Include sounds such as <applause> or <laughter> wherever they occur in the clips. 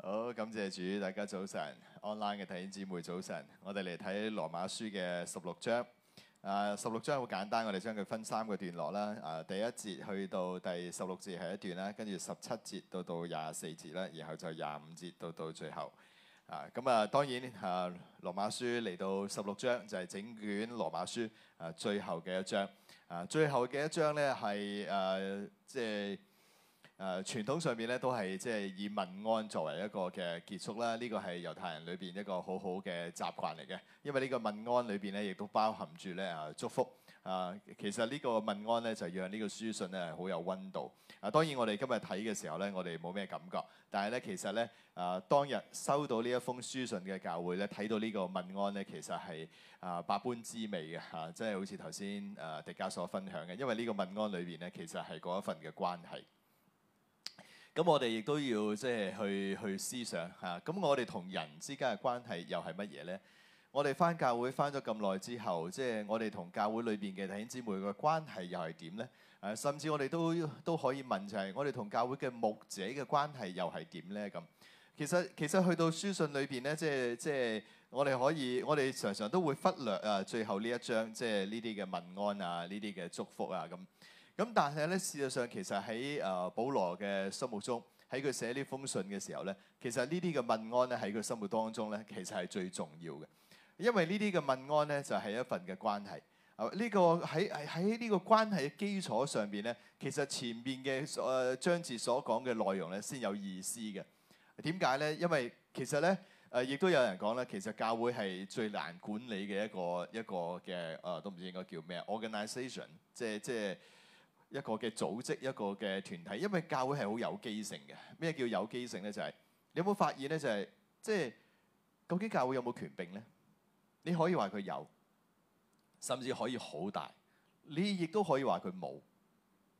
好，感謝主，大家早晨，online 嘅弟兄姊妹早晨。我哋嚟睇羅馬書嘅十六章。啊，十六章好簡單，我哋將佢分三個段落啦。啊，第一節去到第十六節係一段啦，跟住十七節到到廿四節啦，然後就廿五節到到最後。啊，咁啊，當然啊，羅馬書嚟到十六章就係整卷羅馬書啊最後嘅一章。啊，最後嘅一章咧係誒即係。誒、啊、傳統上面咧都係即係以問安作為一個嘅結束啦。呢個係猶太人裏邊一個好好嘅習慣嚟嘅，因為呢個問安裏邊咧亦都包含住咧啊祝福啊。其實呢個問安咧就是、讓呢個書信咧好有溫度啊。當然我哋今日睇嘅時候咧，我哋冇咩感覺，但係咧其實咧啊當日收到呢一封書信嘅教會咧，睇到呢個問安咧，其實係啊百般滋味嘅嚇，即、啊、係好似頭先誒迪加所分享嘅，因為呢個問安裏邊咧其實係嗰一份嘅關係。咁我哋亦都要即係去去思想嚇。咁我哋同人之間嘅關係又係乜嘢咧？我哋翻教會翻咗咁耐之後，即係我哋同教會裏邊嘅弟兄姊妹嘅關係又係點咧？誒，甚至我哋都都可以問，就係我哋同教會嘅牧者嘅關係又係點咧？咁其實其實去到書信裏邊咧，即係即係我哋可以，我哋常常都會忽略啊最後呢一章，即係呢啲嘅問安啊，呢啲嘅祝福啊咁。咁但係咧，事實上其實喺誒保羅嘅心目中，喺佢寫呢封信嘅時候咧，其實呢啲嘅問安咧喺佢心目當中咧，其實係最重要嘅，因為呢啲嘅問安咧就係一份嘅關係。啊，呢個喺喺呢個關係嘅基礎上邊咧，其實前面嘅誒章節所講嘅內容咧先有意思嘅。點解咧？因為其實咧誒，亦都有人講咧，其實教會係最難管理嘅一個一個嘅誒，都唔知應該叫咩 organization，即係即係。一個嘅組織，一個嘅團體，因為教會係好有機性嘅。咩叫有機性咧？就係你有冇發現咧？就係、是、即係究竟教會有冇權柄咧？你可以話佢有，甚至可以好大。你亦都可以話佢冇。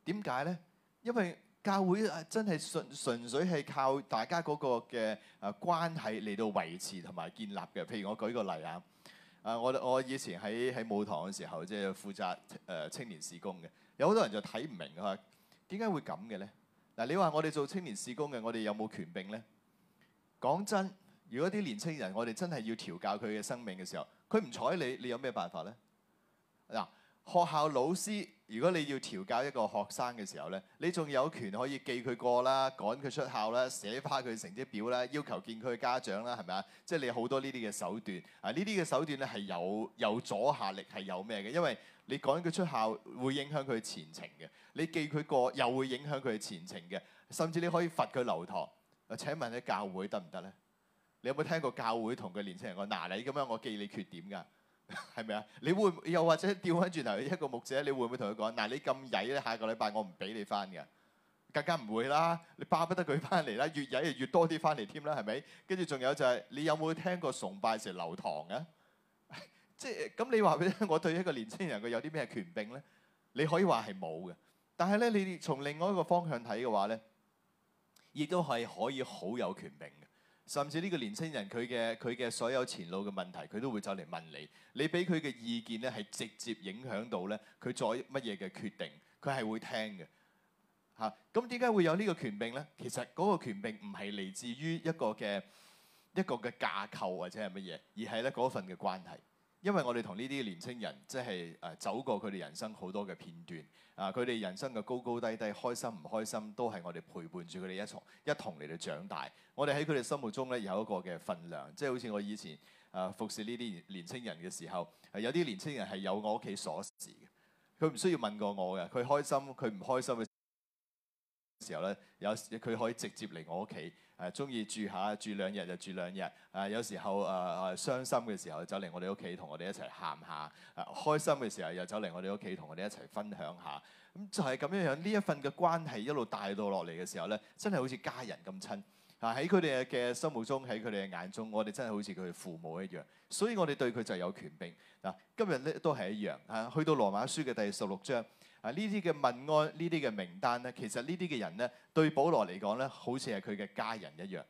點解咧？因為教會真係純純粹係靠大家嗰個嘅誒關係嚟到維持同埋建立嘅。譬如我舉個例啊，誒我我以前喺喺舞堂嘅時候，即係負責誒、呃、青年事工嘅。有好多人就睇唔明啊，點解會咁嘅咧？嗱，你話我哋做青年事工嘅，我哋有冇權柄咧？講真，如果啲年青人我哋真係要調教佢嘅生命嘅時候，佢唔睬你，你有咩辦法咧？嗱、啊，學校老師，如果你要調教一個學生嘅時候咧，你仲有權可以記佢過啦，趕佢出校啦，寫翻佢成績表啦，要求見佢嘅家長啦，係咪、就是、啊？即係你好多呢啲嘅手段啊，呢啲嘅手段咧係有有阻嚇力，係有咩嘅？因為你趕佢出校會影響佢前程嘅，你記佢過又會影響佢前程嘅，甚至你可以罰佢留堂。請問你，教會得唔得咧？你有冇聽過教會同佢年輕人講嗱、啊、你咁樣我記你缺點㗎，係咪啊？你會唔又或者調翻轉頭一個牧者，你會唔會同佢講嗱你咁曳咧，下個禮拜我唔俾你翻㗎？更加唔會啦，你巴不得佢翻嚟啦，越曳越多啲翻嚟添啦，係咪？跟住仲有就係、是、你有冇聽過崇拜時留堂嘅？即係咁，你話俾我對一個年青人佢有啲咩權柄呢？你可以話係冇嘅，但係咧，你從另外一個方向睇嘅話呢，亦都係可以好有權柄嘅。甚至呢個年青人佢嘅佢嘅所有前路嘅問題，佢都會走嚟問你。你俾佢嘅意見咧，係直接影響到咧佢做乜嘢嘅決定，佢係會聽嘅嚇。咁點解會有呢個權柄呢？其實嗰個權柄唔係嚟自於一個嘅一個嘅架構或者係乜嘢，而係咧嗰份嘅關係。.因為我哋同呢啲年青人，即係誒走過佢哋人生好多嘅片段啊，佢哋人生嘅高高低低、開心唔開心，都係我哋陪伴住佢哋一同一同嚟到長大。我哋喺佢哋心目中咧有一個嘅份量，即係好似我以前誒、啊、服侍呢啲年青人嘅時候，有啲年青人係有我屋企鎖匙嘅，佢唔需要問過我嘅，佢開心，佢唔開心時候咧，有時佢可以直接嚟我屋企，誒中意住下住兩日就住兩日，誒有時候誒誒、呃、傷心嘅時候走嚟我哋屋企同我哋一齊喊下，誒、啊、開心嘅時候又走嚟我哋屋企同我哋一齊分享下，咁就係咁樣樣呢一份嘅關係一路帶到落嚟嘅時候咧，真係好似家人咁親，嗱喺佢哋嘅心目中，喺佢哋嘅眼中，我哋真係好似佢父母一樣，所以我哋對佢就有權柄，嗱、啊、今日咧都係一樣嚇、啊，去到羅馬書嘅第十六章。啊！呢啲嘅問安，呢啲嘅名單咧，其實呢啲嘅人咧，對保羅嚟講咧，好似係佢嘅家人一樣。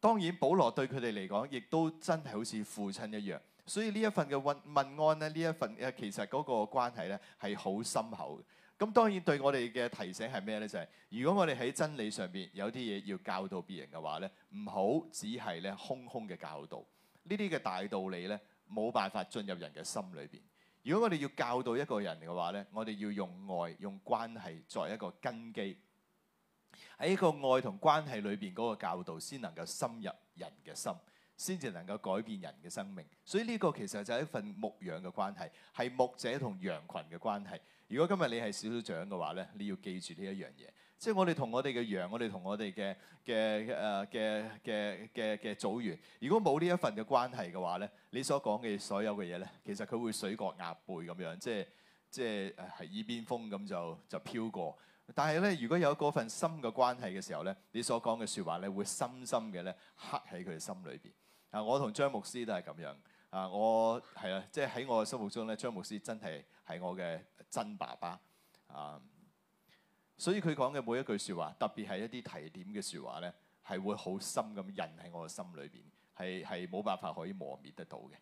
當然，保羅對佢哋嚟講，亦都真係好似父親一樣。所以呢一份嘅問問安咧，呢一份誒，其實嗰個關係咧係好深厚嘅。咁當然對我哋嘅提醒係咩咧？就係、是、如果我哋喺真理上邊有啲嘢要教導別人嘅話咧，唔好只係咧空空嘅教導。呢啲嘅大道理咧，冇辦法進入人嘅心裏邊。如果我哋要教導一個人嘅話咧，我哋要用愛、用關係作為一個根基，喺一個愛同關係裏邊嗰個教導，先能夠深入人嘅心，先至能夠改變人嘅生命。所以呢個其實就係一份牧養嘅關係，係牧者同羊群嘅關係。如果今日你係小小長嘅話咧，你要記住呢一樣嘢。即係我哋同我哋嘅羊，我哋同我哋嘅嘅誒嘅嘅嘅嘅組員，如果冇呢一份嘅關係嘅話咧，你所講嘅所有嘅嘢咧，其實佢會水過鴨背咁樣，即係即係係耳邊風咁就就飄過。但係咧，如果有嗰份深嘅關係嘅時候咧，你所講嘅説話咧，會深深嘅咧刻喺佢嘅心裏邊。啊，我同張牧師都係咁樣。啊，我係啊，即係喺我心目中咧，張牧師真係係我嘅真爸爸啊。所以佢講嘅每一句說話，特別係一啲提點嘅說話咧，係會好深咁印喺我嘅心裏邊，係係冇辦法可以磨滅得到嘅。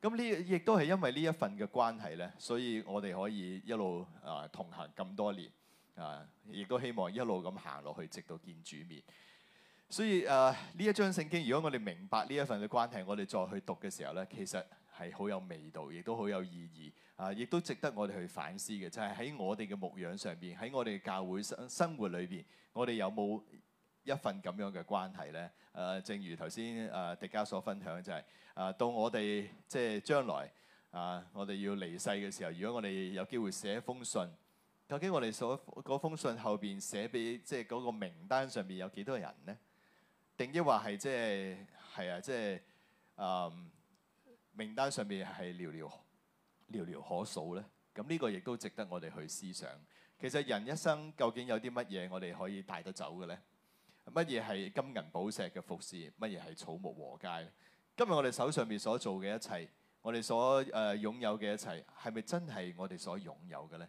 咁呢亦都係因為呢一份嘅關係咧，所以我哋可以一路啊、呃、同行咁多年啊，亦、呃、都希望一路咁行落去，直到見主面。所以誒呢、呃、一章聖經，如果我哋明白呢一份嘅關係，我哋再去讀嘅時候咧，其實。係好有味道，亦都好有意義啊！亦都值得我哋去反思嘅，就係、是、喺我哋嘅牧養上邊，喺我哋嘅教會生生活裏邊，我哋有冇一份咁樣嘅關係咧？誒、啊，正如頭先誒迪加所分享、就是啊，就係誒到我哋即係將來啊，我哋要離世嘅時候，如果我哋有機會寫封信，究竟我哋所嗰封信後邊寫俾即係嗰個名單上面有幾多人呢？定抑或係即係係啊，即、就、係、是就是、嗯。名單上面係寥寥寥寥可數呢，咁呢個亦都值得我哋去思想。其實人一生究竟有啲乜嘢我哋可以帶得走嘅呢？乜嘢係金銀寶石嘅服侍？乜嘢係草木禾稭？今日我哋手上面所做嘅一切，我哋所誒擁有嘅一切，係咪真係我哋所擁有嘅呢？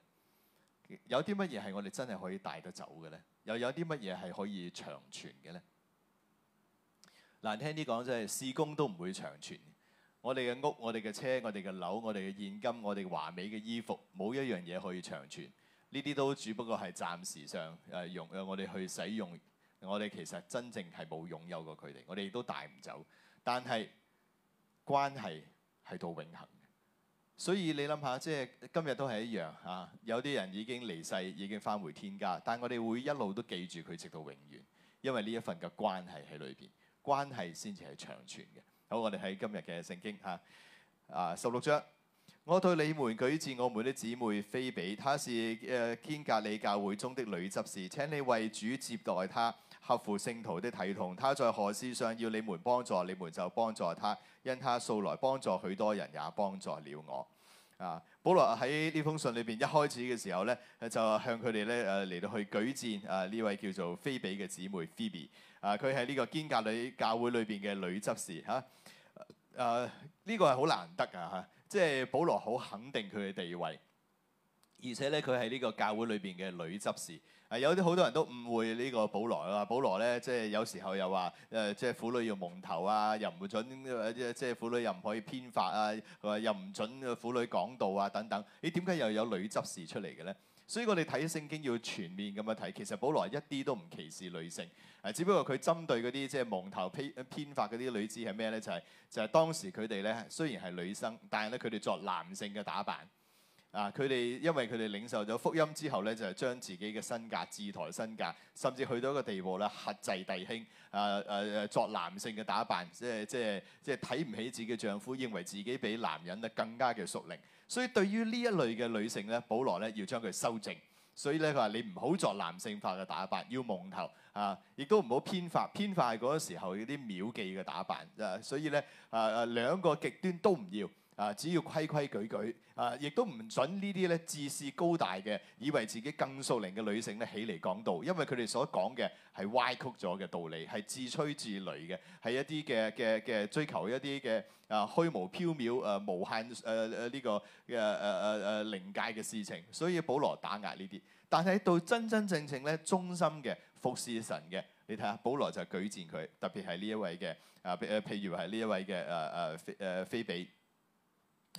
有啲乜嘢係我哋真係可以帶得走嘅呢？又有啲乜嘢係可以長存嘅呢？難聽啲講就係事工都唔會長存。我哋嘅屋、我哋嘅車、我哋嘅樓、我哋嘅現金、我哋華美嘅衣服，冇一樣嘢可以長存。呢啲都只不過係暫時上誒用、呃，我哋去使用。我哋其實真正係冇擁有過佢哋，我哋都帶唔走。但係關係係到永恆，所以你諗下，即係今日都係一樣嚇、啊。有啲人已經離世，已經返回、回天家，但我哋會一路都記住佢，直到永遠。因為呢一份嘅關係喺裏邊，關係先至係長存嘅。好，我哋喺今日嘅聖經嚇，啊十六章，我對你們舉薦我們的妹的姊妹菲比，她是誒堅、呃、格里教會中的女執事。請你為主接待她，合乎聖徒的體統。她在何事上要你們幫助，你們就幫助她，因她素來幫助許多人，也幫助了我。啊，保羅喺呢封信裏邊一開始嘅時候咧，就向佢哋咧誒嚟到去舉薦啊呢位叫做菲比嘅姊妹菲比，Phoebe，啊佢喺呢個堅格里教會裏邊嘅女執事嚇。啊誒呢、uh, 個係好難得啊吓！即係保羅好肯定佢嘅地位，而且咧佢係呢個教會裏邊嘅女執事。係、啊、有啲好多人都誤會呢個保羅啊！保羅咧即係有時候又話誒、呃，即係婦女要蒙頭啊，又唔準、呃、即係婦女又唔可以編髮啊，又唔準婦女講道啊等等。你點解又有女執事出嚟嘅咧？所以我哋睇聖經要全面咁樣睇，其實保羅一啲都唔歧視女性。誒，只不過佢針對嗰啲即係蒙頭披編髮嗰啲女子係咩咧？就係就係當時佢哋咧，雖然係女生，但係咧佢哋作男性嘅打扮。啊，佢哋因為佢哋領受咗福音之後咧，就係將自己嘅身價自抬身價，甚至去到一個地步咧，剋制弟兄。啊啊啊，作男性嘅打扮，即係即係即係睇唔起自己嘅丈夫，認為自己比男人啊更加嘅熟練。所以對於呢一類嘅女性咧，保羅咧要將佢修正。所以咧，佢話你唔好作男性化嘅打扮，要蒙頭啊，亦都唔好編髮，編髮係嗰個時候啲廟妓嘅打扮。啊、所以咧，啊啊兩個極端都唔要啊，只要規規矩矩。啊！亦都唔准呢啲咧自視高大嘅，以為自己更屬靈嘅女性咧起嚟講道，因為佢哋所講嘅係歪曲咗嘅道理，係自吹自擂嘅，係一啲嘅嘅嘅追求一啲嘅啊虛無縹緲啊無限誒誒呢個嘅誒誒誒靈界嘅事情，所以保羅打壓呢啲。但係到真真正正咧忠心嘅服事神嘅，你睇下保羅就舉薦佢，特別係呢一位嘅啊譬如係呢一位嘅誒誒菲菲比。呃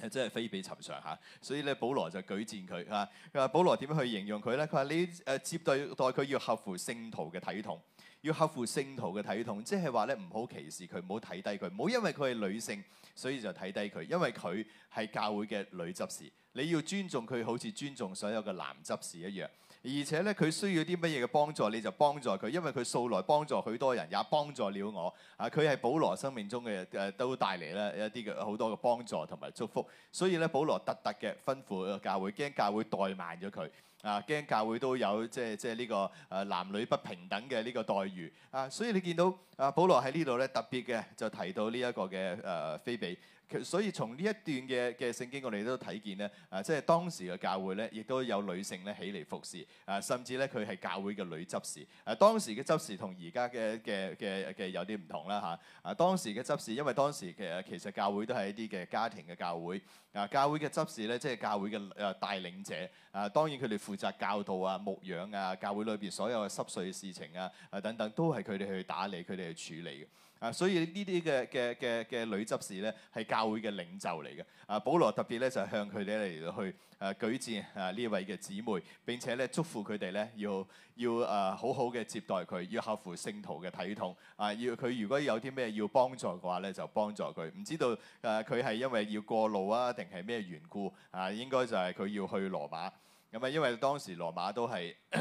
誒真係非比尋常嚇，所以咧保羅就舉薦佢嚇。佢話保羅點樣去形容佢咧？佢話你誒接待待佢要合乎聖徒嘅體統，要合乎聖徒嘅體統，即係話咧唔好歧視佢，唔好睇低佢，唔好因為佢係女性，所以就睇低佢，因為佢係教會嘅女執事，你要尊重佢，好似尊重所有嘅男執事一樣。而且咧，佢需要啲乜嘢嘅幫助，你就幫助佢，因為佢素來幫助許多人，也幫助了我。啊，佢係保羅生命中嘅誒、呃，都帶嚟咧一啲嘅好多嘅幫助同埋祝福。所以咧，保羅特特嘅吩咐教會，驚教會怠慢咗佢啊，驚教會都有即係即係呢、這個誒、啊、男女不平等嘅呢個待遇啊。所以你見到啊，保羅喺呢度咧特別嘅就提到呢一個嘅誒菲比。所以從呢一段嘅嘅聖經，我哋都睇見咧，啊，即係當時嘅教會咧，亦都有女性咧起嚟服侍，啊，甚至咧佢係教會嘅女執事。啊，當時嘅執事同而家嘅嘅嘅嘅有啲唔同啦吓。啊，當時嘅執事，因為當時嘅其實教會都係一啲嘅家庭嘅教會。啊，教會嘅執事咧，即係教會嘅誒帶領者。啊，當然佢哋負責教導啊、牧養啊、教會裏邊所有嘅濕碎事情啊、啊等等，都係佢哋去打理、佢哋去處理嘅。啊，所以呢啲嘅嘅嘅嘅女執事咧，係教會嘅領袖嚟嘅。啊，保羅特別咧就向佢哋嚟去誒、啊、舉薦啊呢位嘅姊妹，並且咧祝福佢哋咧要要誒好好嘅接待佢，要合乎聖徒嘅體統。啊，好好要佢、啊啊、如果有啲咩要幫助嘅話咧，就幫助佢。唔知道誒佢係因為要過路啊，定係咩緣故？啊，應該就係佢要去羅馬。咁啊，因為當時羅馬都係。 <coughs>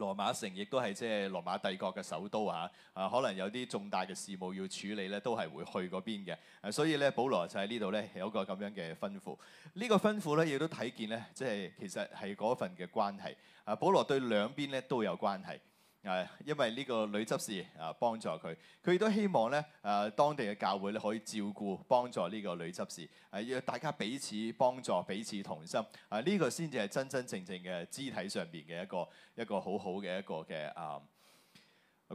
羅馬城亦都係即係羅馬帝國嘅首都啊！啊，可能有啲重大嘅事務要處理咧，都係會去嗰邊嘅。啊，所以咧，保羅就喺呢度咧有一個咁樣嘅吩咐。呢個吩咐咧，亦都睇見咧，即係其實係嗰份嘅關係。啊，保羅對兩邊咧都有關係。誒，因為呢個女執事啊，幫助佢，佢亦都希望咧誒、呃，當地嘅教會咧可以照顧幫助呢個女執事，係、呃、要大家彼此幫助，彼此同心，啊、呃，呢、這個先至係真真正正嘅肢體上邊嘅一個一個好好嘅一個嘅啊。呃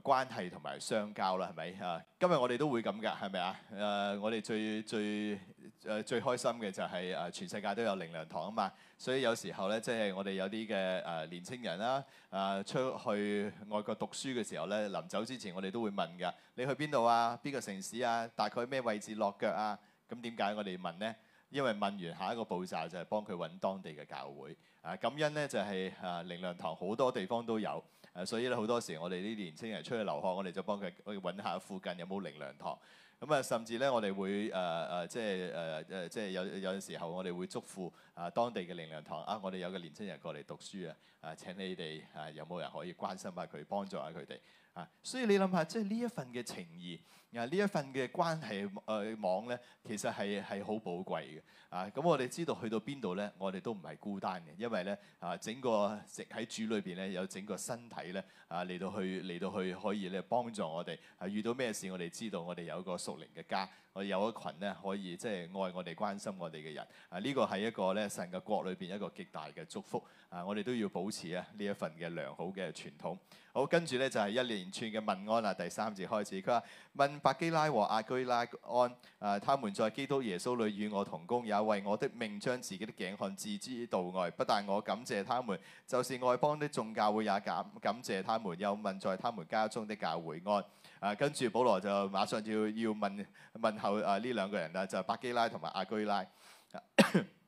關係同埋相交啦，係咪啊？今日我哋都會咁㗎，係咪啊？誒，我哋最最誒最開心嘅就係誒全世界都有靈糧堂啊嘛，所以有時候咧，即係我哋有啲嘅誒年青人啦，誒出去外國讀書嘅時候咧，臨走之前我哋都會問㗎，你去邊度啊？邊個城市啊？大概咩位置落腳啊？咁點解我哋問咧？因為問完下一個步驟就係幫佢揾當地嘅教會啊！感恩咧就係誒靈糧堂好多地方都有。誒所以咧好多時我哋啲年青人出去留學，我哋就幫佢去揾下附近有冇靈糧堂。咁啊，甚至咧我哋會誒誒，即係誒誒，即係有有陣時候我哋會祝福啊當地嘅靈糧堂啊，我哋有個年青人過嚟讀書啊，請你哋啊有冇人可以關心下佢，幫助下佢哋啊？所以你諗下，即係呢一份嘅情義。嗱，呢一份嘅關係誒網咧，其實係係好寶貴嘅啊！咁我哋知道去到邊度咧，我哋都唔係孤單嘅，因為咧啊，整個喺主裏邊咧有整個身體咧啊，嚟到去嚟到去可以咧幫助我哋啊！遇到咩事我哋知道我哋有一個屬靈嘅家，我有一群咧可以即係愛我哋、關心我哋嘅人啊！呢、這個係一個咧神嘅國裏邊一個極大嘅祝福啊！我哋都要保持啊呢一份嘅良好嘅傳統。好，跟住咧就係、是、一連串嘅問安啦，第三節開始，佢話問。白基拉和阿居拉安，啊，他們在基督耶穌裏與我同工，也為我的命將自己的頸項置之度外。不但我感謝他們，就是外邦的眾教會也感感謝他們。又問在他們家中的教會安。啊，跟住保羅就馬上就要，要問問候啊呢兩個人啦，就係白基拉同埋阿居拉。 <coughs>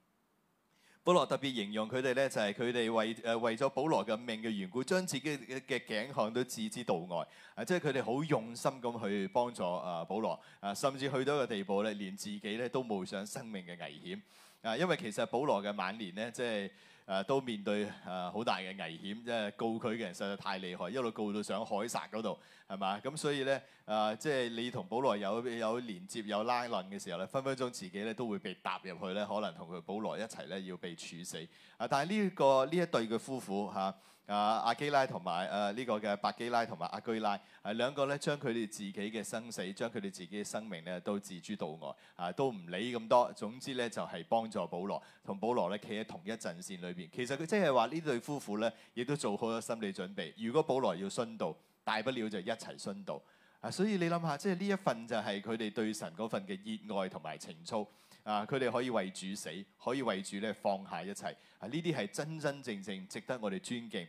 保羅特別形容佢哋咧，就係佢哋為誒為咗保羅嘅命嘅緣故，將自己嘅嘅頸項都置之度外，啊，即係佢哋好用心咁去幫助啊保羅，啊，甚至去到一個地步咧，連自己咧都冒上生命嘅危險，啊，因為其實保羅嘅晚年咧，即係。誒都面對誒好大嘅危險，即係告佢嘅人實在太厲害，一路告到上該撒嗰度，係嘛？咁所以咧，誒即係你同保羅有有連接、有拉攏嘅時候咧，分分鐘自己咧都會被搭入去咧，可能同佢保羅一齊咧要被處死。啊，但係、這、呢個呢一對嘅夫婦嚇。啊啊，阿基拉同埋誒呢個嘅百基拉同埋阿居拉係兩、啊、個咧，將佢哋自己嘅生死，將佢哋自己嘅生命咧，都置諸道外，啊，都唔理咁多。總之咧，就係、是、幫助保羅，同保羅咧企喺同一陣線裏邊。其實佢即係話呢對夫婦咧，亦都做好咗心理準備。如果保羅要殉道，大不了就一齊殉道。啊，所以你諗下，即係呢一份就係佢哋對神嗰份嘅熱愛同埋情操。啊！佢哋可以為主死，可以為主咧放下一切，啊！呢啲係真真正正值得我哋尊敬。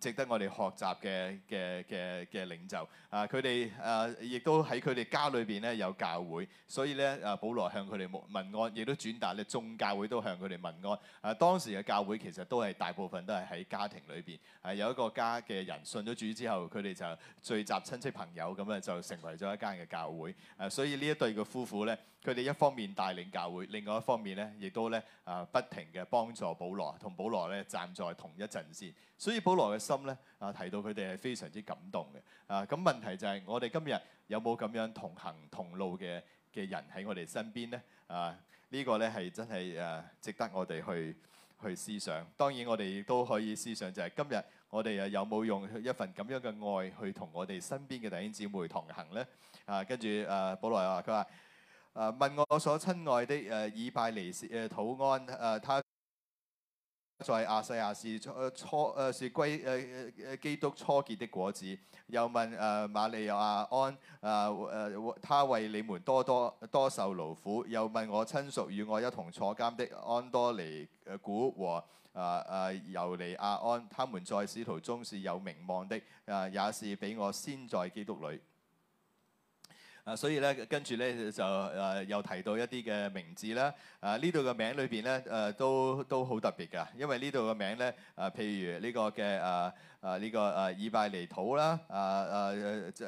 值得我哋學習嘅嘅嘅嘅領袖啊！佢哋啊，亦都喺佢哋家裏邊咧有教會，所以咧啊，保羅向佢哋問問安，亦都轉達咧，眾教會都向佢哋問安啊。當時嘅教會其實都係大部分都係喺家庭裏邊啊。有一個家嘅人信咗主之後，佢哋就聚集親戚朋友咁啊，就成為咗一間嘅教會啊。所以呢一對嘅夫婦咧，佢哋一方面帶領教會，另外一方面咧，亦都咧啊，不停嘅幫助保羅，同保羅咧站在同一陣線。所以保羅嘅心咧啊，提到佢哋係非常之感動嘅啊。咁問題就係我哋今日有冇咁樣同行同路嘅嘅人喺我哋身邊咧啊，呢個咧係真係誒值得我哋去去思想。當然我哋亦都可以思想就係今日我哋誒有冇用一份咁樣嘅愛去同我哋身邊嘅弟兄姊妹同行咧啊，跟住誒保羅話，佢話，誒問我所親愛的誒以拜尼士誒土安誒他。在亞西亞是初初是歸基督初結的果子。又問誒、呃、馬利亞安誒誒，他、呃呃、為你們多多多受勞苦。又問我親屬與我一同坐監的安多尼古和誒誒尤尼亞安，他們在使徒中是有名望的，誒、呃、也是比我先在基督裏。啊，所以咧，跟住咧就誒、呃、又提到一啲嘅名字啦。啊、呃，呢度嘅名裏邊咧，誒、呃、都都好特別嘅，因為呢度嘅名咧，誒、呃、譬如呢、這個嘅誒誒呢個誒以拜尼土啦，誒誒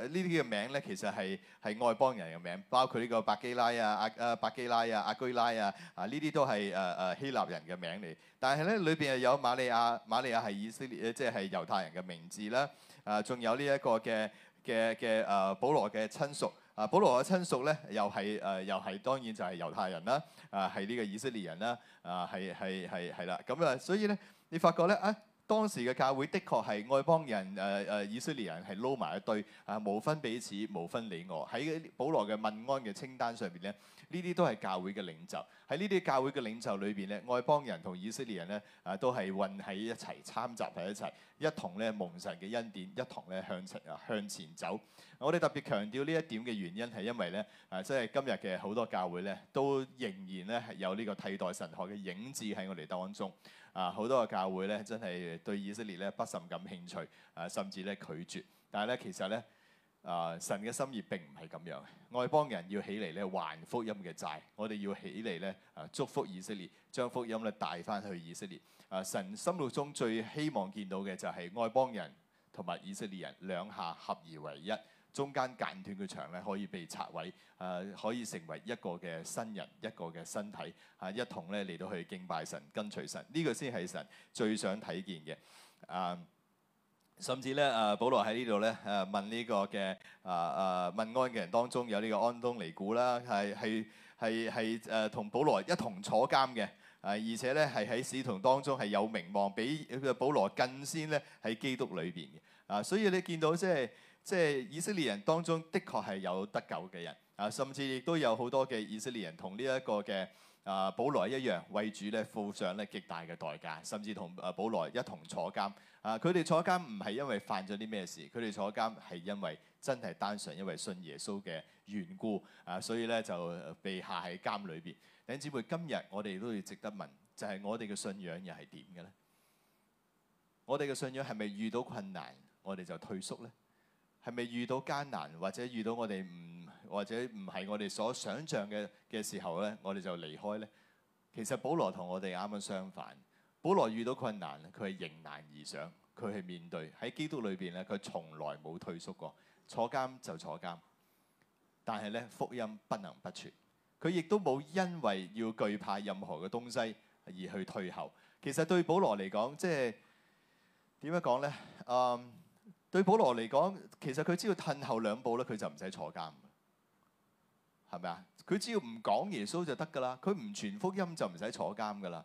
呢啲嘅名咧，其實係係外邦人嘅名，包括呢個百基拉啊、阿誒百基拉啊、阿居拉啊，啊呢啲都係誒誒希臘人嘅名嚟。但係咧，裏邊又有瑪利亞，瑪利亞係以色列，即係係猶太人嘅名字啦。啊、呃，仲有呢一個嘅。嘅嘅誒，保羅嘅親屬啊，保羅嘅親屬咧、啊，又係誒、啊，又係當然就係猶太人啦，啊，係呢個以色列人啦，啊，係係係係啦，咁啊，所以咧，你發覺咧啊，當時嘅教會的確係外邦人誒誒、啊啊，以色列人係撈埋一堆啊，無分彼此，無分你我，喺保羅嘅問安嘅清單上邊咧。呢啲都係教會嘅領袖，喺呢啲教會嘅領袖裏邊咧，外邦人同以色列人咧啊，都係混喺一齊，參雜喺一齊，一同咧蒙神嘅恩典，一同咧向前啊向前走。我哋特別強調呢一點嘅原因係因為咧啊，即係今日嘅好多教會咧都仍然咧係有呢個替代神學嘅影子喺我哋當中啊，好多嘅教會咧真係對以色列咧不甚感興趣啊，甚至咧拒絕。但係咧其實咧。啊、呃！神嘅心意並唔係咁樣，外邦人要起嚟咧還福音嘅債，我哋要起嚟咧啊祝福以色列，將福音咧帶翻去以色列。啊、呃！神心目中最希望見到嘅就係外邦人同埋以色列人兩下合二為一，中間間斷嘅牆咧可以被拆毀，啊、呃、可以成為一個嘅新人，一個嘅身體啊、呃、一同咧嚟到去敬拜神、跟隨神，呢、這個先係神最想睇見嘅。啊、呃！甚至咧，啊，保羅喺呢度咧，誒問呢個嘅啊啊問安嘅人當中，有呢個安東尼古啦，係係係係誒同保羅一同坐監嘅，誒而且咧係喺使徒當中係有名望，比嘅保羅更先咧喺基督裏邊嘅，啊，所以你見到即係即係以色列人當中的確係有得救嘅人，啊，甚至亦都有好多嘅以色列人同呢一個嘅啊保羅一樣為主咧付上咧極大嘅代價，甚至同啊保羅一同坐監。啊！佢哋坐監唔係因為犯咗啲咩事，佢哋坐監係因為真係單純因為信耶穌嘅緣故啊，所以咧就被下喺監裏邊。弟兄姊妹，今日我哋都要值得問，就係、是、我哋嘅信仰又係點嘅咧？我哋嘅信仰係咪遇到困難我哋就退縮咧？係咪遇到艱難或者遇到我哋唔或者唔係我哋所想象嘅嘅時候咧，我哋就離開咧？其實保羅同我哋啱啱相反。保羅遇到困難咧，佢係迎難而上，佢係面對喺基督裏邊咧，佢從來冇退縮過。坐監就坐監，但係咧福音不能不傳，佢亦都冇因為要懼怕任何嘅東西而去退後。其實對保羅嚟講，即係點樣講咧？嗯，um, 對保羅嚟講，其實佢只要褪後兩步咧，佢就唔使坐監，係咪啊？佢只要唔講耶穌就得噶啦，佢唔傳福音就唔使坐監噶啦。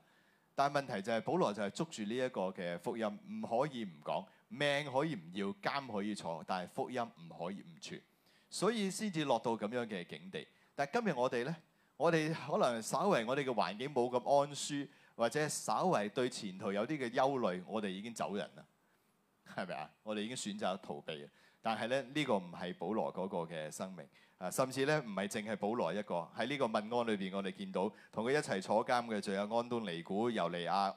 但係問題就係，保羅就係捉住呢一個嘅福音，唔可以唔講，命可以唔要，監可以坐，但係福音唔可以唔傳，所以先至落到咁樣嘅境地。但係今日我哋呢，我哋可能稍為我哋嘅環境冇咁安舒，或者稍為對前途有啲嘅憂慮，我哋已經走人啦，係咪啊？我哋已經選擇逃避。但係咧，呢個唔係保羅嗰個嘅生命。啊，甚至咧唔係淨係保羅一個喺呢個問安裏邊，我哋見到同佢一齊坐監嘅仲有安東尼古、尤尼亞啊，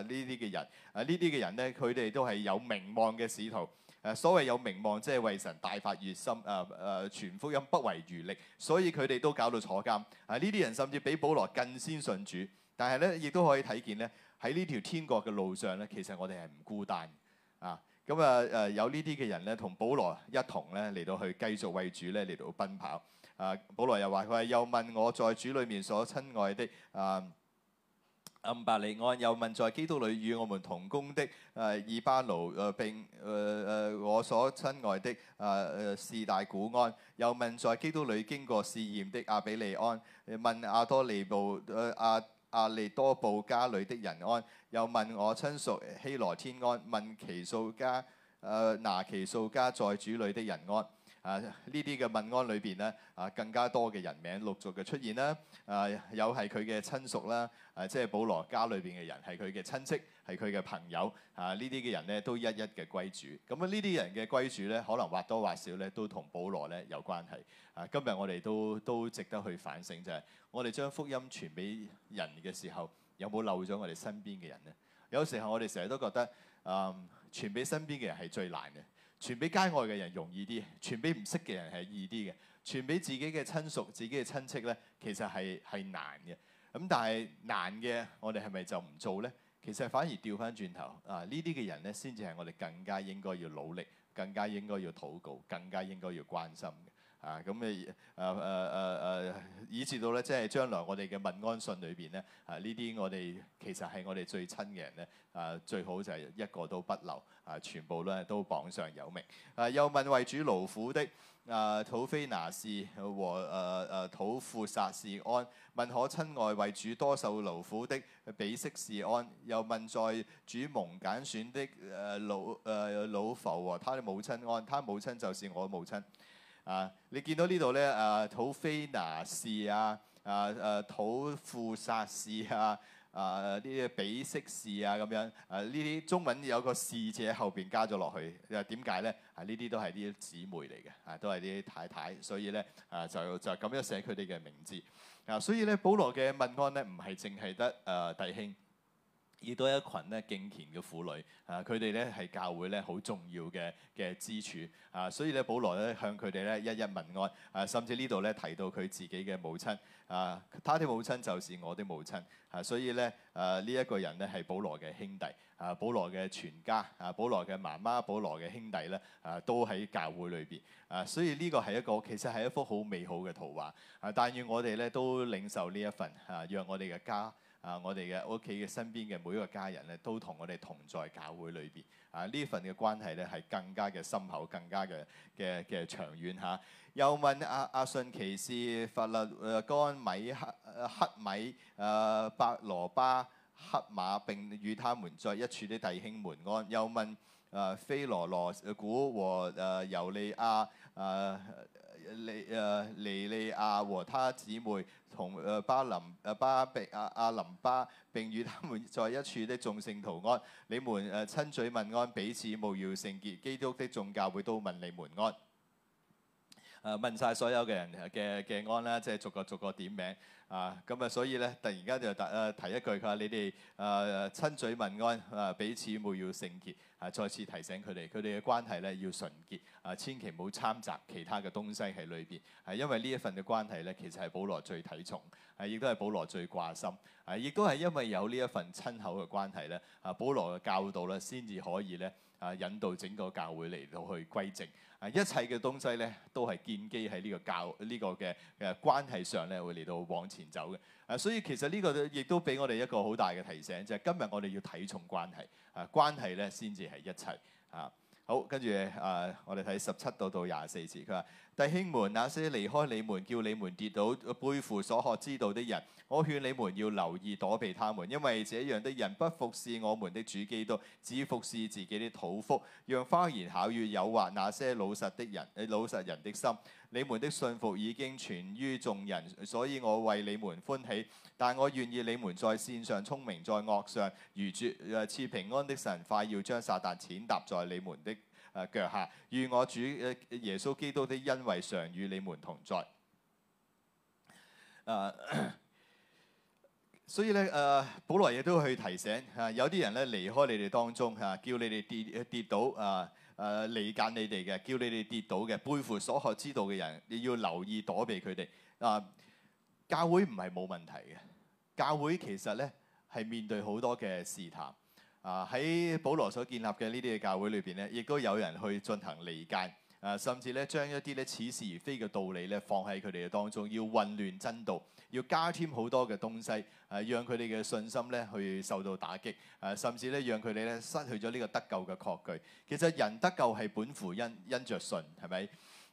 呢啲嘅人啊，呢啲嘅人咧，佢哋都係有名望嘅使徒。誒，所謂有名望，即係為神大發熱心，誒誒傳福音不遺餘力，所以佢哋都搞到坐監。啊，呢啲人甚至比保羅更先信主，但係咧亦都可以睇見咧，喺呢條天國嘅路上咧，其實我哋係唔孤單啊。咁啊誒有呢啲嘅人咧，同保羅一同咧嚟到去繼續為主咧嚟到奔跑。啊，保羅又話：佢話又問我在主裏面所親愛的啊，暗伯利安；又問在基督裏與我們同工的誒，耳巴奴誒並誒誒我所親愛的誒誒，士大古安；又問在基督裏經過試驗的亞比利安，問亞利多布誒亞。阿利多布家裏的人安，又問我親屬希羅天安，問其數家，誒、呃、拿其數家在主裏的人安。啊，呢啲嘅問安裏邊咧，啊更加多嘅人名陸續嘅出現啦。啊，又係佢嘅親屬啦，誒、啊、即係保羅家裏邊嘅人係佢嘅親戚。係佢嘅朋友啊！呢啲嘅人咧都一一嘅歸主咁啊！嗯、呢啲人嘅歸主咧，可能或多或少咧都同保羅咧有關係啊！今日我哋都都值得去反省，就係、是、我哋將福音傳俾人嘅時候，有冇漏咗我哋身邊嘅人呢？有時候我哋成日都覺得啊、嗯，傳俾身邊嘅人係最難嘅，傳俾街外嘅人容易啲，傳俾唔識嘅人係易啲嘅，傳俾自己嘅親屬、自己嘅親戚咧，其實係係難嘅。咁、嗯、但係難嘅，我哋係咪就唔做呢？其實反而調翻轉頭啊！呢啲嘅人咧，先至係我哋更加應該要努力，更加應該要禱告，更加應該要關心。啊！咁誒誒誒誒，以至到咧，即係將來我哋嘅問安信裏邊咧，啊呢啲我哋其實係我哋最親嘅人咧，啊最好就係一個都不留啊，全部咧都榜上有名。啊又問為主勞苦的啊土非拿士和誒誒土富撒士安、啊，問可親愛為主多受勞苦的彼息士安，又問在主蒙揀選的誒、啊、老誒、啊、老浮和、啊、他的母親，安，問他母親就是我母親。啊！你見到呢度咧？啊，土非拿氏啊！啊啊，土富撒氏啊！呢啲彼息氏啊咁樣啊！呢啲中文有個氏字喺後邊加咗落去，點解咧？啊，呢啲都係啲姊妹嚟嘅，啊，都係啲太太，所以咧啊，就就咁樣寫佢哋嘅名字。啊，所以咧，保羅嘅問安咧，唔係淨係得啊弟兄。亦都係一群咧敬虔嘅婦女，啊，佢哋咧係教會咧好重要嘅嘅支柱，啊，所以咧保羅咧向佢哋咧一一問安，啊，甚至呢度咧提到佢自己嘅母親，啊，他的母親就是我的母親，啊，所以咧，誒呢一個人咧係保羅嘅兄弟，啊，保羅嘅全家，啊，保羅嘅媽媽，保羅嘅兄弟咧，啊，都喺教會裏邊，啊，所以呢個係一個其實係一幅好美好嘅圖畫，啊，但願我哋咧都領受呢一份，啊，讓我哋嘅家。啊！我哋嘅屋企嘅身邊嘅每一個家人咧，都同我哋同在教會裏邊。啊！呢份嘅關係咧，係更加嘅深厚，更加嘅嘅嘅長遠嚇、啊。又問阿阿信其士、法勒、幹、呃、米、黑、啊、黑米、啊八羅巴、黑馬，並與他們在一處啲弟兄們安、啊。又問啊非羅羅古和啊猶利亞啊。尼誒尼利亞和他姊妹同誒、啊、巴林誒、啊、巴比阿阿林巴並與他們在一處的眾聖徒安。你們誒、啊、親嘴問安，彼此務要聖潔，基督的眾教會都問你們安。誒、啊、問晒所有嘅人嘅嘅安啦，即係逐個逐個點名。啊，咁啊，所以咧，突然間就提一句，佢話你哋啊親嘴問安啊，彼此冇要聖潔，係、啊、再次提醒佢哋，佢哋嘅關係咧要純潔，啊，千祈唔好參雜其他嘅東西喺裏邊，係、啊、因為呢一份嘅關係咧，其實係保羅最睇重，係亦都係保羅最掛心，啊，亦都係因為有呢一份親口嘅關係咧，啊，保羅嘅教導咧先至可以咧。啊！引導整個教會嚟到去歸正啊！一切嘅東西咧，都係建基喺呢個教、這個、呢個嘅嘅關係上咧，會嚟到往前走嘅啊！所以其實呢個亦都俾我哋一個好大嘅提醒，就係、是、今日我哋要睇重關係啊！關係咧先至係一切啊！好，跟住誒，我哋睇十七到到廿四節，佢話弟兄們，那些離開你們，叫你們跌倒，背乎所學之道的人，我勸你們要留意躲避他們，因為這樣的人不服侍我們的主基督，只服侍自己的肚腹，讓花言巧語誘惑那些老實的人誒老實人的心。你們的信服已經存於眾人，所以我為你們歡喜。但我願意你們在善上聰明，在惡上，在惡上愚拙誒、呃、賜平安的神，快要將撒但踐踏在你們的誒腳、呃、下，與我主耶穌基督的恩惠常與你們同在。Uh, <coughs> 所以呢，誒，保羅亦都去提醒嚇，uh, 有啲人咧離開你哋當中嚇，uh, 叫你哋跌跌倒啊！Uh, 誒、呃、離間你哋嘅，叫你哋跌倒嘅，背負所學之道嘅人，你要留意躲避佢哋。啊、呃，教會唔係冇問題嘅，教會其實呢係面對好多嘅試探。啊、呃，喺保羅所建立嘅呢啲嘅教會裏邊呢，亦都有人去進行離間。啊，甚至咧將一啲咧似是而非嘅道理咧放喺佢哋嘅當中，要混亂真道，要加添好多嘅東西，誒，讓佢哋嘅信心咧去受到打擊，誒，甚至咧讓佢哋咧失去咗呢個得救嘅確據。其實人得救係本乎因因著信，係咪？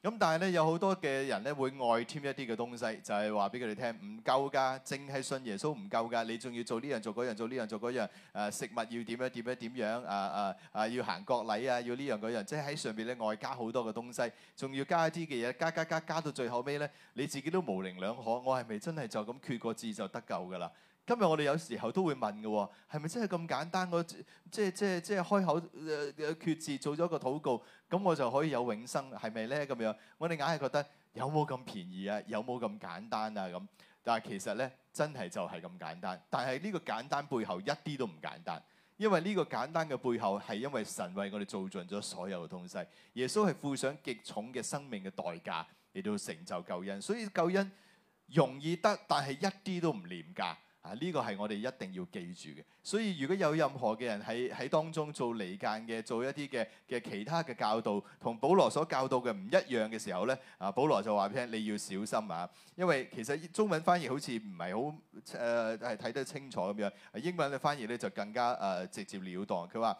咁但係咧，有好多嘅人咧會外添一啲嘅東西，就係話俾佢哋聽，唔夠㗎，淨係信耶穌唔夠㗎，你仲要做呢樣做嗰樣，樣做呢樣做嗰樣，誒食物要點樣點樣點樣，啊啊啊要行國禮啊，要呢樣嗰樣，即係喺上邊咧外加好多嘅東西，仲要加一啲嘅嘢，加加加加到最後尾咧，你自己都模棱兩可，我係咪真係就咁缺個字就得救㗎啦？今日我哋有時候都會問嘅喎，係咪真係咁簡單？我即係即係即係開口誒誒決志做咗個禱告，咁我就可以有永生係咪咧？咁樣我哋硬係覺得有冇咁便宜啊？有冇咁簡單啊？咁但係其實咧，真係就係咁簡單。但係呢個簡單背後一啲都唔簡單，因為呢個簡單嘅背後係因為神為我哋做盡咗所有嘅東西。耶穌係付上極重嘅生命嘅代價嚟到成就救恩，所以救恩容易得，但係一啲都唔廉價。啊！呢、這個係我哋一定要記住嘅。所以如果有任何嘅人喺喺當中做離間嘅，做一啲嘅嘅其他嘅教導，同保羅所教導嘅唔一樣嘅時候咧，啊保羅就話聽你，你要小心啊！因為其實中文翻譯好似唔係好誒係睇得清楚咁樣，英文嘅翻譯咧就更加誒、呃、直接了當。佢話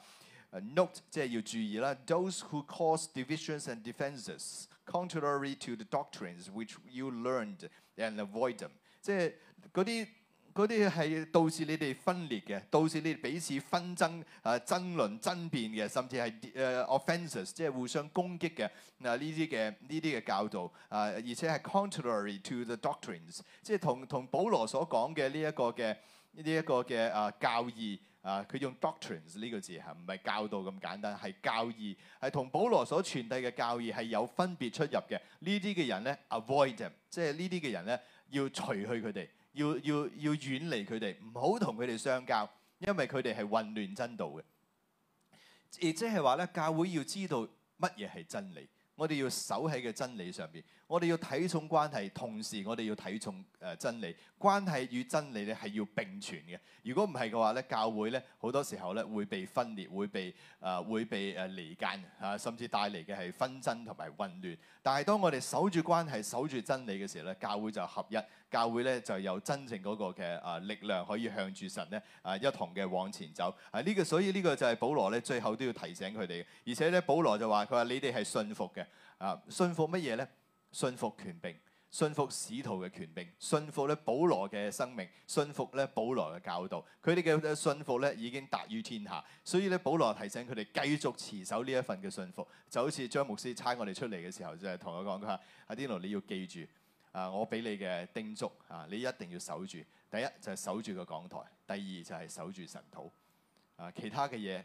Note 即係、就是、要注意啦，Those who cause divisions and defenses contrary to the doctrines which you learned and avoid them。即係嗰啲嗰啲係導致你哋分裂嘅，導致你哋彼此紛爭、誒爭論、爭辯嘅，甚至係誒 offences，即係互相攻擊嘅。嗱呢啲嘅呢啲嘅教導，啊而且係 contrary to the doctrines，即係同同保羅所講嘅呢一個嘅呢一個嘅誒、這個、教義。啊，佢用 doctrines 呢個字嚇，唔係教導咁簡單，係教義，係同保羅所傳遞嘅教義係有分別出入嘅。呢啲嘅人咧，avoid them，即係呢啲嘅人咧要除去佢哋。要要要遠離佢哋，唔好同佢哋相交，因為佢哋係混亂真道嘅。亦即係話咧，教會要知道乜嘢係真理，我哋要守喺個真理上邊。我哋要睇重關係，同時我哋要睇重誒真理。關係與真理咧係要並存嘅。如果唔係嘅話咧，教會咧好多時候咧會被分裂，會被誒、呃、會被誒離間啊，甚至帶嚟嘅係紛爭同埋混亂。但係當我哋守住關係、守住真理嘅時候咧，教會就合一。教會咧就有真正嗰個嘅啊力量可以向住神咧啊一同嘅往前走啊呢個所以呢個就係保羅咧最後都要提醒佢哋，而且咧保羅就話佢話你哋係信服嘅啊信服乜嘢咧？信服權柄，信服使徒嘅權柄，信服咧保羅嘅生命，信服咧保羅嘅教導。佢哋嘅信服咧已經達於天下，所以咧保羅提醒佢哋繼續持守呢一份嘅信服，就好似張牧師差我哋出嚟嘅時候就係、是、同我講佢話阿天奴，你要記住。啊！我俾你嘅叮囑，啊，你一定要守住。第一就係、是、守住個講台，第二就係、是、守住神土。啊，其他嘅嘢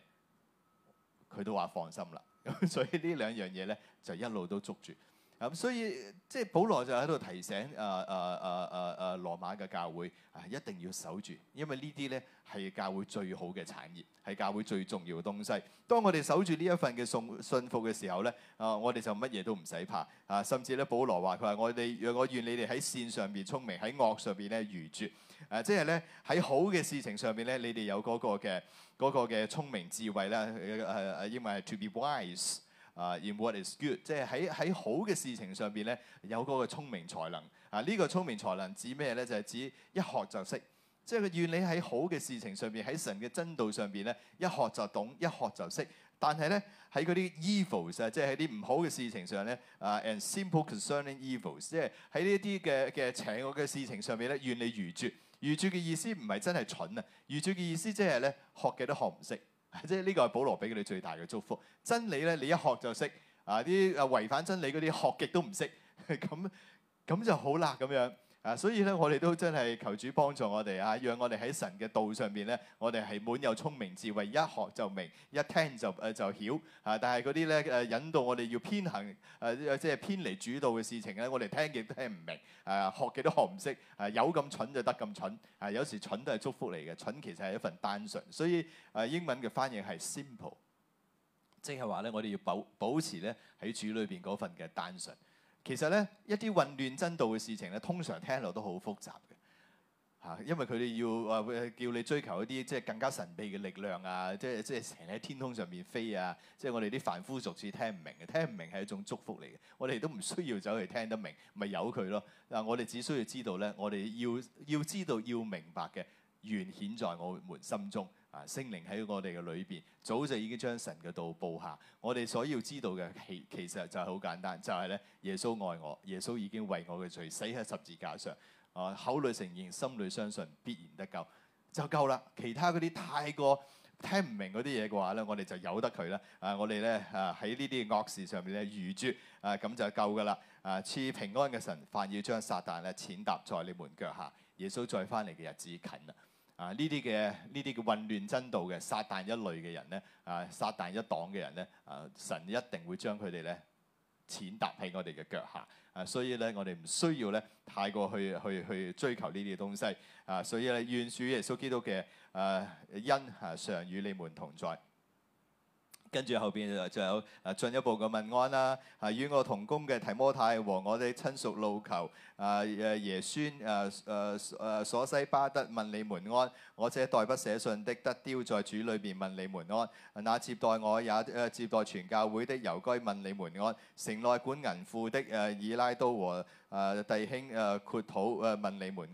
佢都話放心啦。咁、啊、所以兩呢兩樣嘢咧，就一路都捉住。咁、嗯、所以即係保羅就喺度提醒啊啊啊啊啊羅馬嘅教會啊一定要守住，因為呢啲咧係教會最好嘅產業，係教會最重要嘅東西。當我哋守住呢一份嘅信信服嘅時候咧，啊我哋就乜嘢都唔使怕啊。甚至咧，保羅話佢話我哋若我願你哋喺善上邊聰明，喺惡上邊咧愚拙。誒、啊、即係咧喺好嘅事情上邊咧，你哋有嗰個嘅嗰個嘅聰明智慧啦。誒、啊、誒，因為係 to be wise。啊，and what is good？即係喺喺好嘅事情上邊咧，有嗰個聰明才能。啊，呢、這個聰明才能指咩咧？就係、是、指一學就識。即係佢願你喺好嘅事情上邊，喺神嘅真道上邊咧，一學就懂，一學就識。但係咧，喺嗰啲 evils 啊，即係喺啲唔好嘅事情上咧，啊、uh，and simple concerning evils，即係喺呢啲嘅嘅邪惡嘅事情上邊咧，願你愚拙。愚拙嘅意思唔係真係蠢啊，愚拙嘅意思即係咧學嘅都學唔識。即係呢個係保羅俾佢哋最大嘅祝福，真理咧你一學就識啊，啲啊違反真理嗰啲學極都唔識。咁 <laughs> 咁就好啦咁樣。啊，所以咧，我哋都真係求主幫助我哋啊，讓我哋喺神嘅道上邊咧，我哋係滿有聰明智慧，一學就明，一聽就誒、呃、就曉啊。但係嗰啲咧誒引導我哋要偏行誒、啊、即係偏離主道嘅事情咧，我哋聽極都聽唔明，誒、啊、學極都學唔識，係、啊、有咁蠢就得咁蠢，係、啊、有時蠢都係祝福嚟嘅，蠢其實係一份單純，所以誒、啊、英文嘅翻譯係 simple，即係話咧，我哋要保保持咧喺主裏邊嗰份嘅單純。其實咧，一啲混亂真道嘅事情咧，通常聽落都好複雜嘅嚇，啊，因為佢哋要啊叫你追求一啲即係更加神秘嘅力量啊，即係即係成日喺天空上面飛啊，即係我哋啲凡夫俗子聽唔明嘅，聽唔明係一種祝福嚟嘅。我哋都唔需要走去聽得明，咪由佢咯。啊，我哋只需要知道咧，我哋要要知道要明白嘅，原顯在我們心中。啊，聖靈喺我哋嘅裏邊，早就已經將神嘅道佈下。我哋所要知道嘅其其實就係好簡單，就係、是、咧，耶穌愛我，耶穌已經為我嘅罪死喺十字架上。啊，口裏承認，心裏相信，必然得救，就夠啦。其他嗰啲太過聽唔明嗰啲嘢嘅話咧，我哋就由得佢啦。啊，我哋咧啊喺呢啲惡事上面咧愚拙啊，咁就夠噶啦。啊，賜、啊、平安嘅神，凡要將撒旦咧踐踏在你們腳下，耶穌再翻嚟嘅日子近啦。啊！呢啲嘅呢啲嘅混亂真道嘅撒旦一類嘅人咧，啊撒旦一黨嘅人咧，啊神一定會將佢哋咧踐踏喺我哋嘅腳下啊！所以咧，我哋唔需要咧太過去去去追求呢啲嘅東西啊！所以咧，願主耶穌基督嘅誒、啊、恩啊常與你們同在。跟住後邊誒，仲有誒進一步嘅問安啦。係與我同工嘅提摩太和我啲親屬路求誒誒耶孫誒誒誒所西巴德問你們安。我這代筆寫信的德丟在主裏邊問你們安。那接待我也誒接待全教會的遊居問你們安。城內管銀庫的誒以拉都和誒弟兄誒括土誒問你們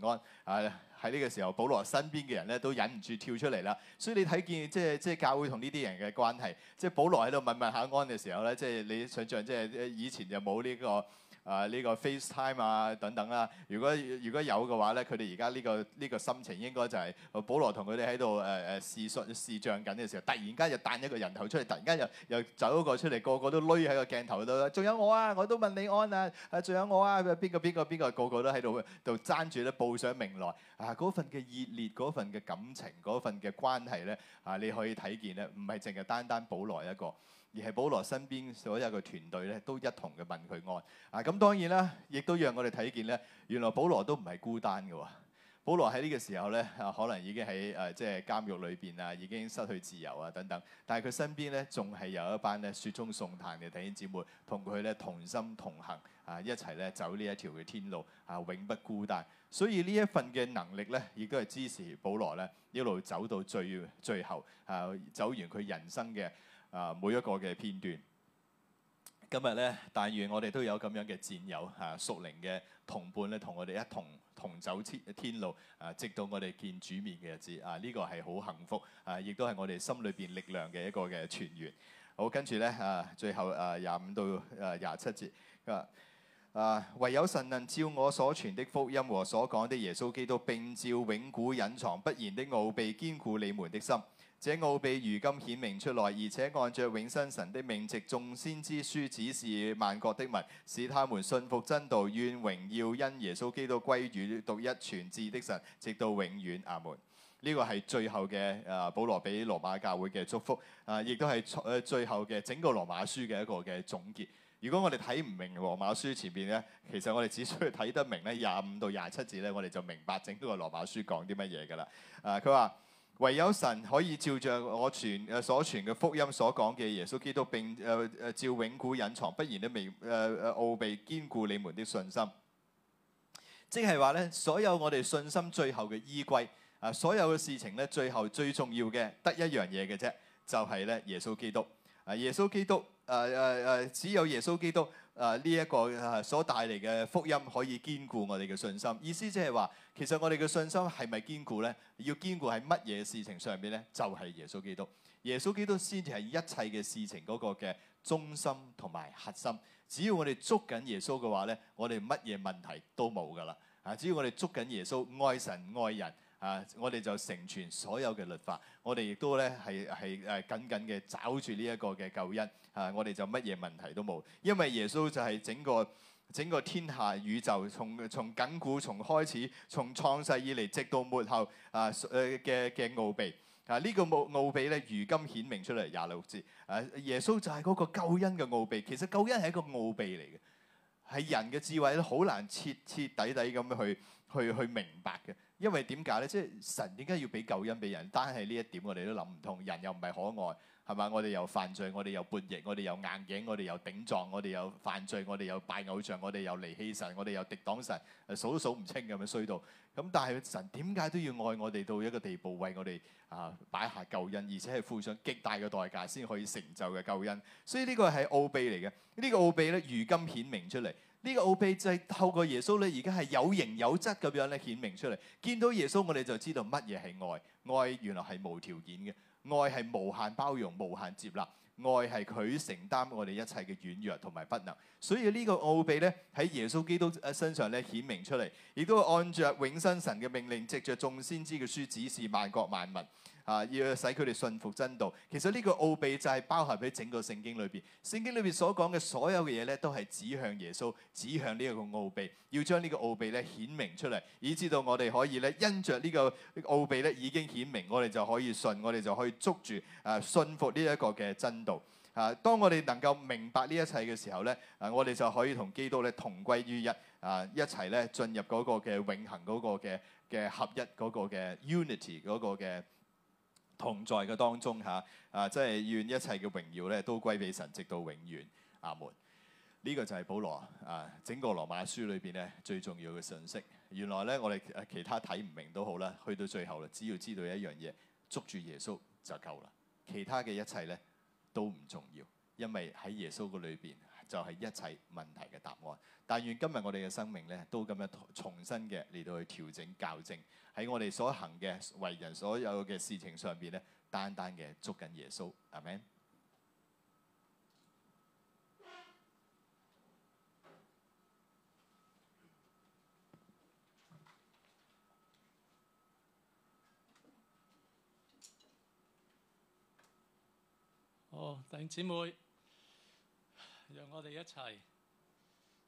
安。啊！喺呢個時候，保羅身邊嘅人咧都忍唔住跳出嚟啦，所以你睇見即係即係教會同呢啲人嘅關係，即係保羅喺度問問下安嘅時候咧，即係你想象即係以前就冇呢個。啊！呢、這個 FaceTime 啊，等等啦、啊。如果如果有嘅話咧，佢哋而家呢個呢、這個心情應該就係保羅同佢哋喺度誒誒視訊視像緊嘅時候，突然間就彈一個人頭出嚟，突然間又又走一個出嚟，個個都匿喺個鏡頭度。仲有我啊，我都問你安啊。仲、啊、有我啊，邊個邊個邊個，個個都喺度度爭住咧報上名來。啊，嗰份嘅熱烈，嗰份嘅感情，嗰份嘅關係咧，啊，你可以睇見咧，唔係淨係單單保羅一個。而係保羅身邊所有嘅團隊咧，都一同嘅問佢安。啊，咁當然啦，亦都讓我哋睇見咧，原來保羅都唔係孤單嘅、哦。保羅喺呢個時候咧、啊，可能已經喺誒即係監獄裏邊啊，已經失去自由啊等等。但係佢身邊咧，仲係有一班咧雪中送炭嘅弟兄姊妹，同佢咧同心同行啊，一齊咧走呢一條嘅天路啊，永不孤單。所以呢一份嘅能力咧，亦都係支持保羅咧一路走到最最後啊，走完佢人生嘅。啊，每一個嘅片段，今日咧，但願我哋都有咁樣嘅戰友啊，屬靈嘅同伴咧，同我哋一同同走天天路啊，直到我哋見主面嘅日子啊，呢個係好幸福啊，亦都係我哋心裏邊力量嘅一個嘅泉源。好，跟住咧啊，最後啊廿五到啊廿七節啊啊，唯有神能照我所傳的福音和所講的耶穌基督，並照永古隱藏不言的奧秘，堅固你們的心。這奧秘如今顯明出來，而且按著永生神的命籍，眾先知書指示萬國的民，使他們信服真道，願榮耀因耶穌基督歸於獨一全智的神，直到永遠。阿門。呢、這個係最後嘅啊，保羅俾羅馬教會嘅祝福啊，亦都係最最後嘅整個羅馬書嘅一個嘅總結。如果我哋睇唔明羅馬書前邊咧，其實我哋只需要睇得明咧廿五到廿七字咧，我哋就明白整個羅馬書講啲乜嘢噶啦。啊，佢話。唯有神可以照着我傳，誒所傳嘅福音，所講嘅耶穌基督並誒誒、呃、照永古隱藏，不然都未誒誒奧秘，堅固你們的信心。即係話咧，所有我哋信心最後嘅依歸啊，所有嘅事情咧，最後最重要嘅得一樣嘢嘅啫，就係、是、咧耶穌基督啊，耶穌基督誒誒誒，只有耶穌基督。啊！呢、這、一個所帶嚟嘅福音可以堅固我哋嘅信心，意思即係話，其實我哋嘅信心係咪堅固呢？要堅固喺乜嘢事情上邊呢？就係、是、耶穌基督，耶穌基督先至係一切嘅事情嗰個嘅中心同埋核心。只要我哋捉緊耶穌嘅話呢，我哋乜嘢問題都冇㗎喇。啊！只要我哋捉緊耶穌愛神愛人啊，我哋就成全所有嘅律法。我哋亦都呢係係誒緊緊嘅抓住呢一個嘅救恩。啊！我哋就乜嘢問題都冇，因為耶穌就係整個整個天下宇宙，從從亙古從開始，從創世以嚟直到末後啊嘅嘅奧秘啊！這個、奧秘呢個奧奧秘咧，如今顯明出嚟廿六節啊！耶穌就係嗰個救恩嘅奧秘，其實救恩係一個奧秘嚟嘅，係人嘅智慧咧好難徹徹底底咁樣去去去，去明白嘅，因為點解咧？即係神點解要俾救恩俾人？單係呢一點我哋都諗唔通，人又唔係可愛。係嘛？我哋又犯罪，我哋又叛逆，我哋又硬頸，我哋又頂撞，我哋又犯罪，我哋又拜偶像，我哋又離棄神，我哋又敵擋神，數都數唔清咁樣衰到。咁但係神點解都要愛我哋到一個地步，為我哋啊擺下救恩，而且係付上極大嘅代價先可以成就嘅救恩。所以呢個係奧秘嚟嘅。呢個奧秘咧，如今顯明出嚟。呢個奧秘就係透過耶穌咧，而家係有形有質咁樣咧顯明出嚟。見到耶穌，我哋就知道乜嘢係愛。愛原來係無條件嘅。愛係無限包容、無限接納，愛係佢承擔我哋一切嘅軟弱同埋不能。所以呢個奧秘咧，喺耶穌基督身上咧顯明出嚟，亦都按著永生神嘅命令，藉着眾先知嘅書指示萬國萬民。啊！要使佢哋信服真道。其實呢個奧秘就係包含喺整個聖經裏邊。聖經裏邊所講嘅所有嘅嘢咧，都係指向耶穌，指向呢一個奧秘。要將呢個奧秘咧顯明出嚟，以至到我哋可以咧因著呢個奧秘咧已經顯明，我哋就可以信，我哋就可以捉住啊，信服呢一個嘅真道。啊！當我哋能夠明白呢一切嘅時候咧，啊，我哋就可以同基督咧同歸於一啊，一齊咧進入嗰個嘅永恆嗰個嘅嘅合一嗰個嘅 Unity 嗰個嘅。同在嘅當中嚇，啊，即係願一切嘅榮耀咧都歸俾神，直到永遠。阿們。呢個就係保羅啊，整個羅馬書裏邊咧最重要嘅信息。原來咧我哋其他睇唔明都好啦，去到最後啦，只要知道一樣嘢，捉住耶穌就夠啦。其他嘅一切咧都唔重要，因為喺耶穌嘅裏邊就係一切問題嘅答案。但願今日我哋嘅生命咧，都咁樣重新嘅嚟到去調整校正，喺我哋所行嘅為人所有嘅事情上邊咧，單單嘅捉緊耶穌，阿們。哦，弟兄姊妹，讓我哋一齊。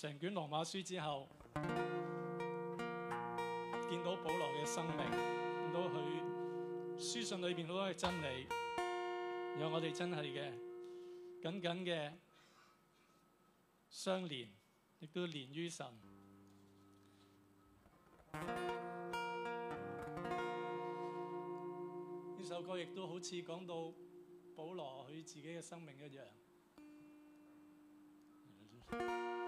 成卷羅馬書之後，見到保羅嘅生命，見到佢書信裏邊好多嘅真理，有我哋真係嘅緊緊嘅相連，亦都連於神。呢 <music> 首歌亦都好似講到保羅佢自己嘅生命一樣。 <music>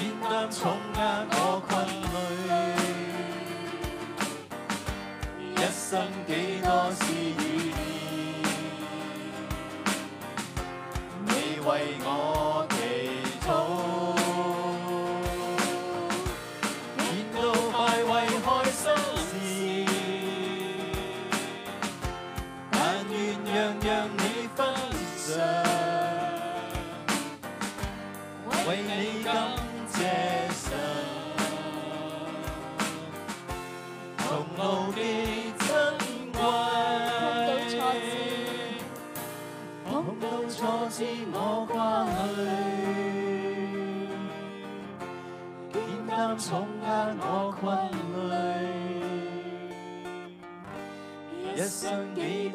天當重壓我困累，一生幾多事遇，你為我。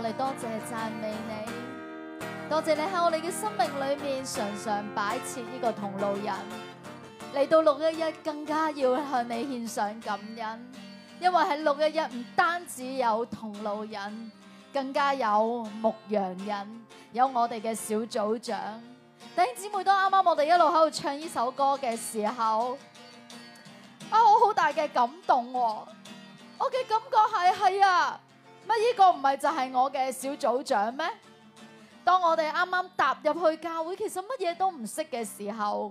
我哋多謝讚美你，多謝你喺我哋嘅生命裏面常常擺設呢個同路人，嚟到六一一更加要向你獻上感恩，因為喺六一一唔單止有同路人，更加有牧羊人，有我哋嘅小組長、弟兄姊妹，都啱啱我哋一路喺度唱呢首歌嘅時候，啊，我好大嘅感動，啊，我嘅感覺係係啊。乜，呢個唔係就係我嘅小組長咩？當我哋啱啱踏入去教會，其實乜嘢都唔識嘅時候，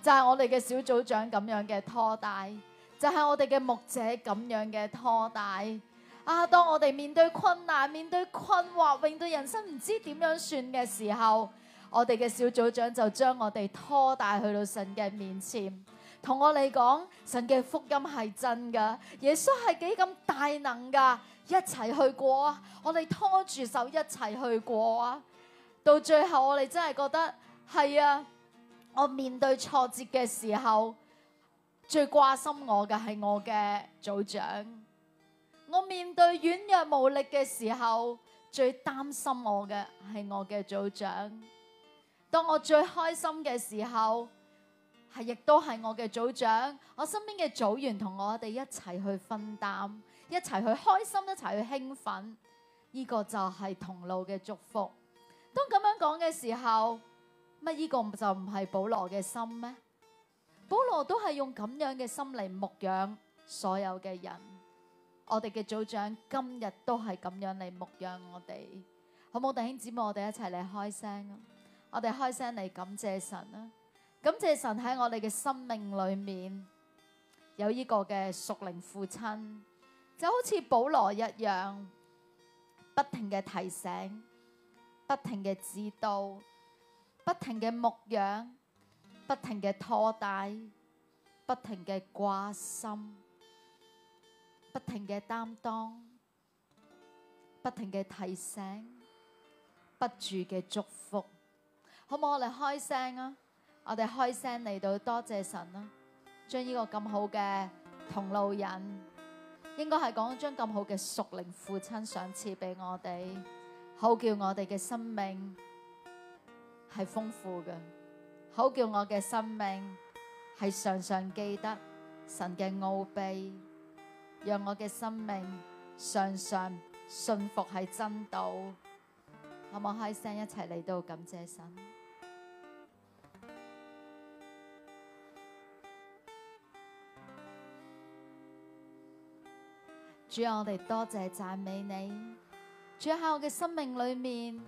就係我哋嘅小組長咁樣嘅拖帶，就係我哋嘅牧者咁樣嘅拖帶啊！當我哋面對困難、面對困惑、永遠對人生唔知點樣算嘅時候，我哋嘅小組長就將我哋拖帶去到神嘅面前，同我哋講神嘅福音係真噶，耶穌係幾咁大能噶。一齊去過啊！我哋拖住手一齊去過啊！到最後我哋真係覺得係啊！我面對挫折嘅時候，最掛心我嘅係我嘅組長；我面對軟弱無力嘅時候，最擔心我嘅係我嘅組長；當我最開心嘅時候，係亦都係我嘅組長。我身邊嘅組員同我哋一齊去分擔。一齊去開心，一齊去興奮，呢個就係同路嘅祝福。當咁樣講嘅時候，乜呢個就唔係保羅嘅心咩？保羅都係用咁樣嘅心嚟牧養所有嘅人。我哋嘅組長今日都係咁樣嚟牧養我哋，好冇？弟兄姊妹，我哋一齊嚟開聲啊！我哋開聲嚟感謝神啦！感謝神喺我哋嘅生命裏面有呢個嘅屬靈父親。就好似保羅一樣，不停嘅提醒，不停嘅指導，不停嘅牧養，不停嘅拖帶，不停嘅掛心，不停嘅擔當，不停嘅提醒，不住嘅祝福，好唔好？我哋開聲啊！我哋開聲嚟到多謝神啦、啊，將呢個咁好嘅同路人。應該係講將咁好嘅屬靈父親賞賜俾我哋，好叫我哋嘅生命係豐富嘅，好叫我嘅生命係常常記得神嘅奧秘，讓我嘅生命常常信服喺真道。好冇開聲一齊嚟到感謝神。主啊，我哋多謝讚美你。主喺我嘅生命裏面，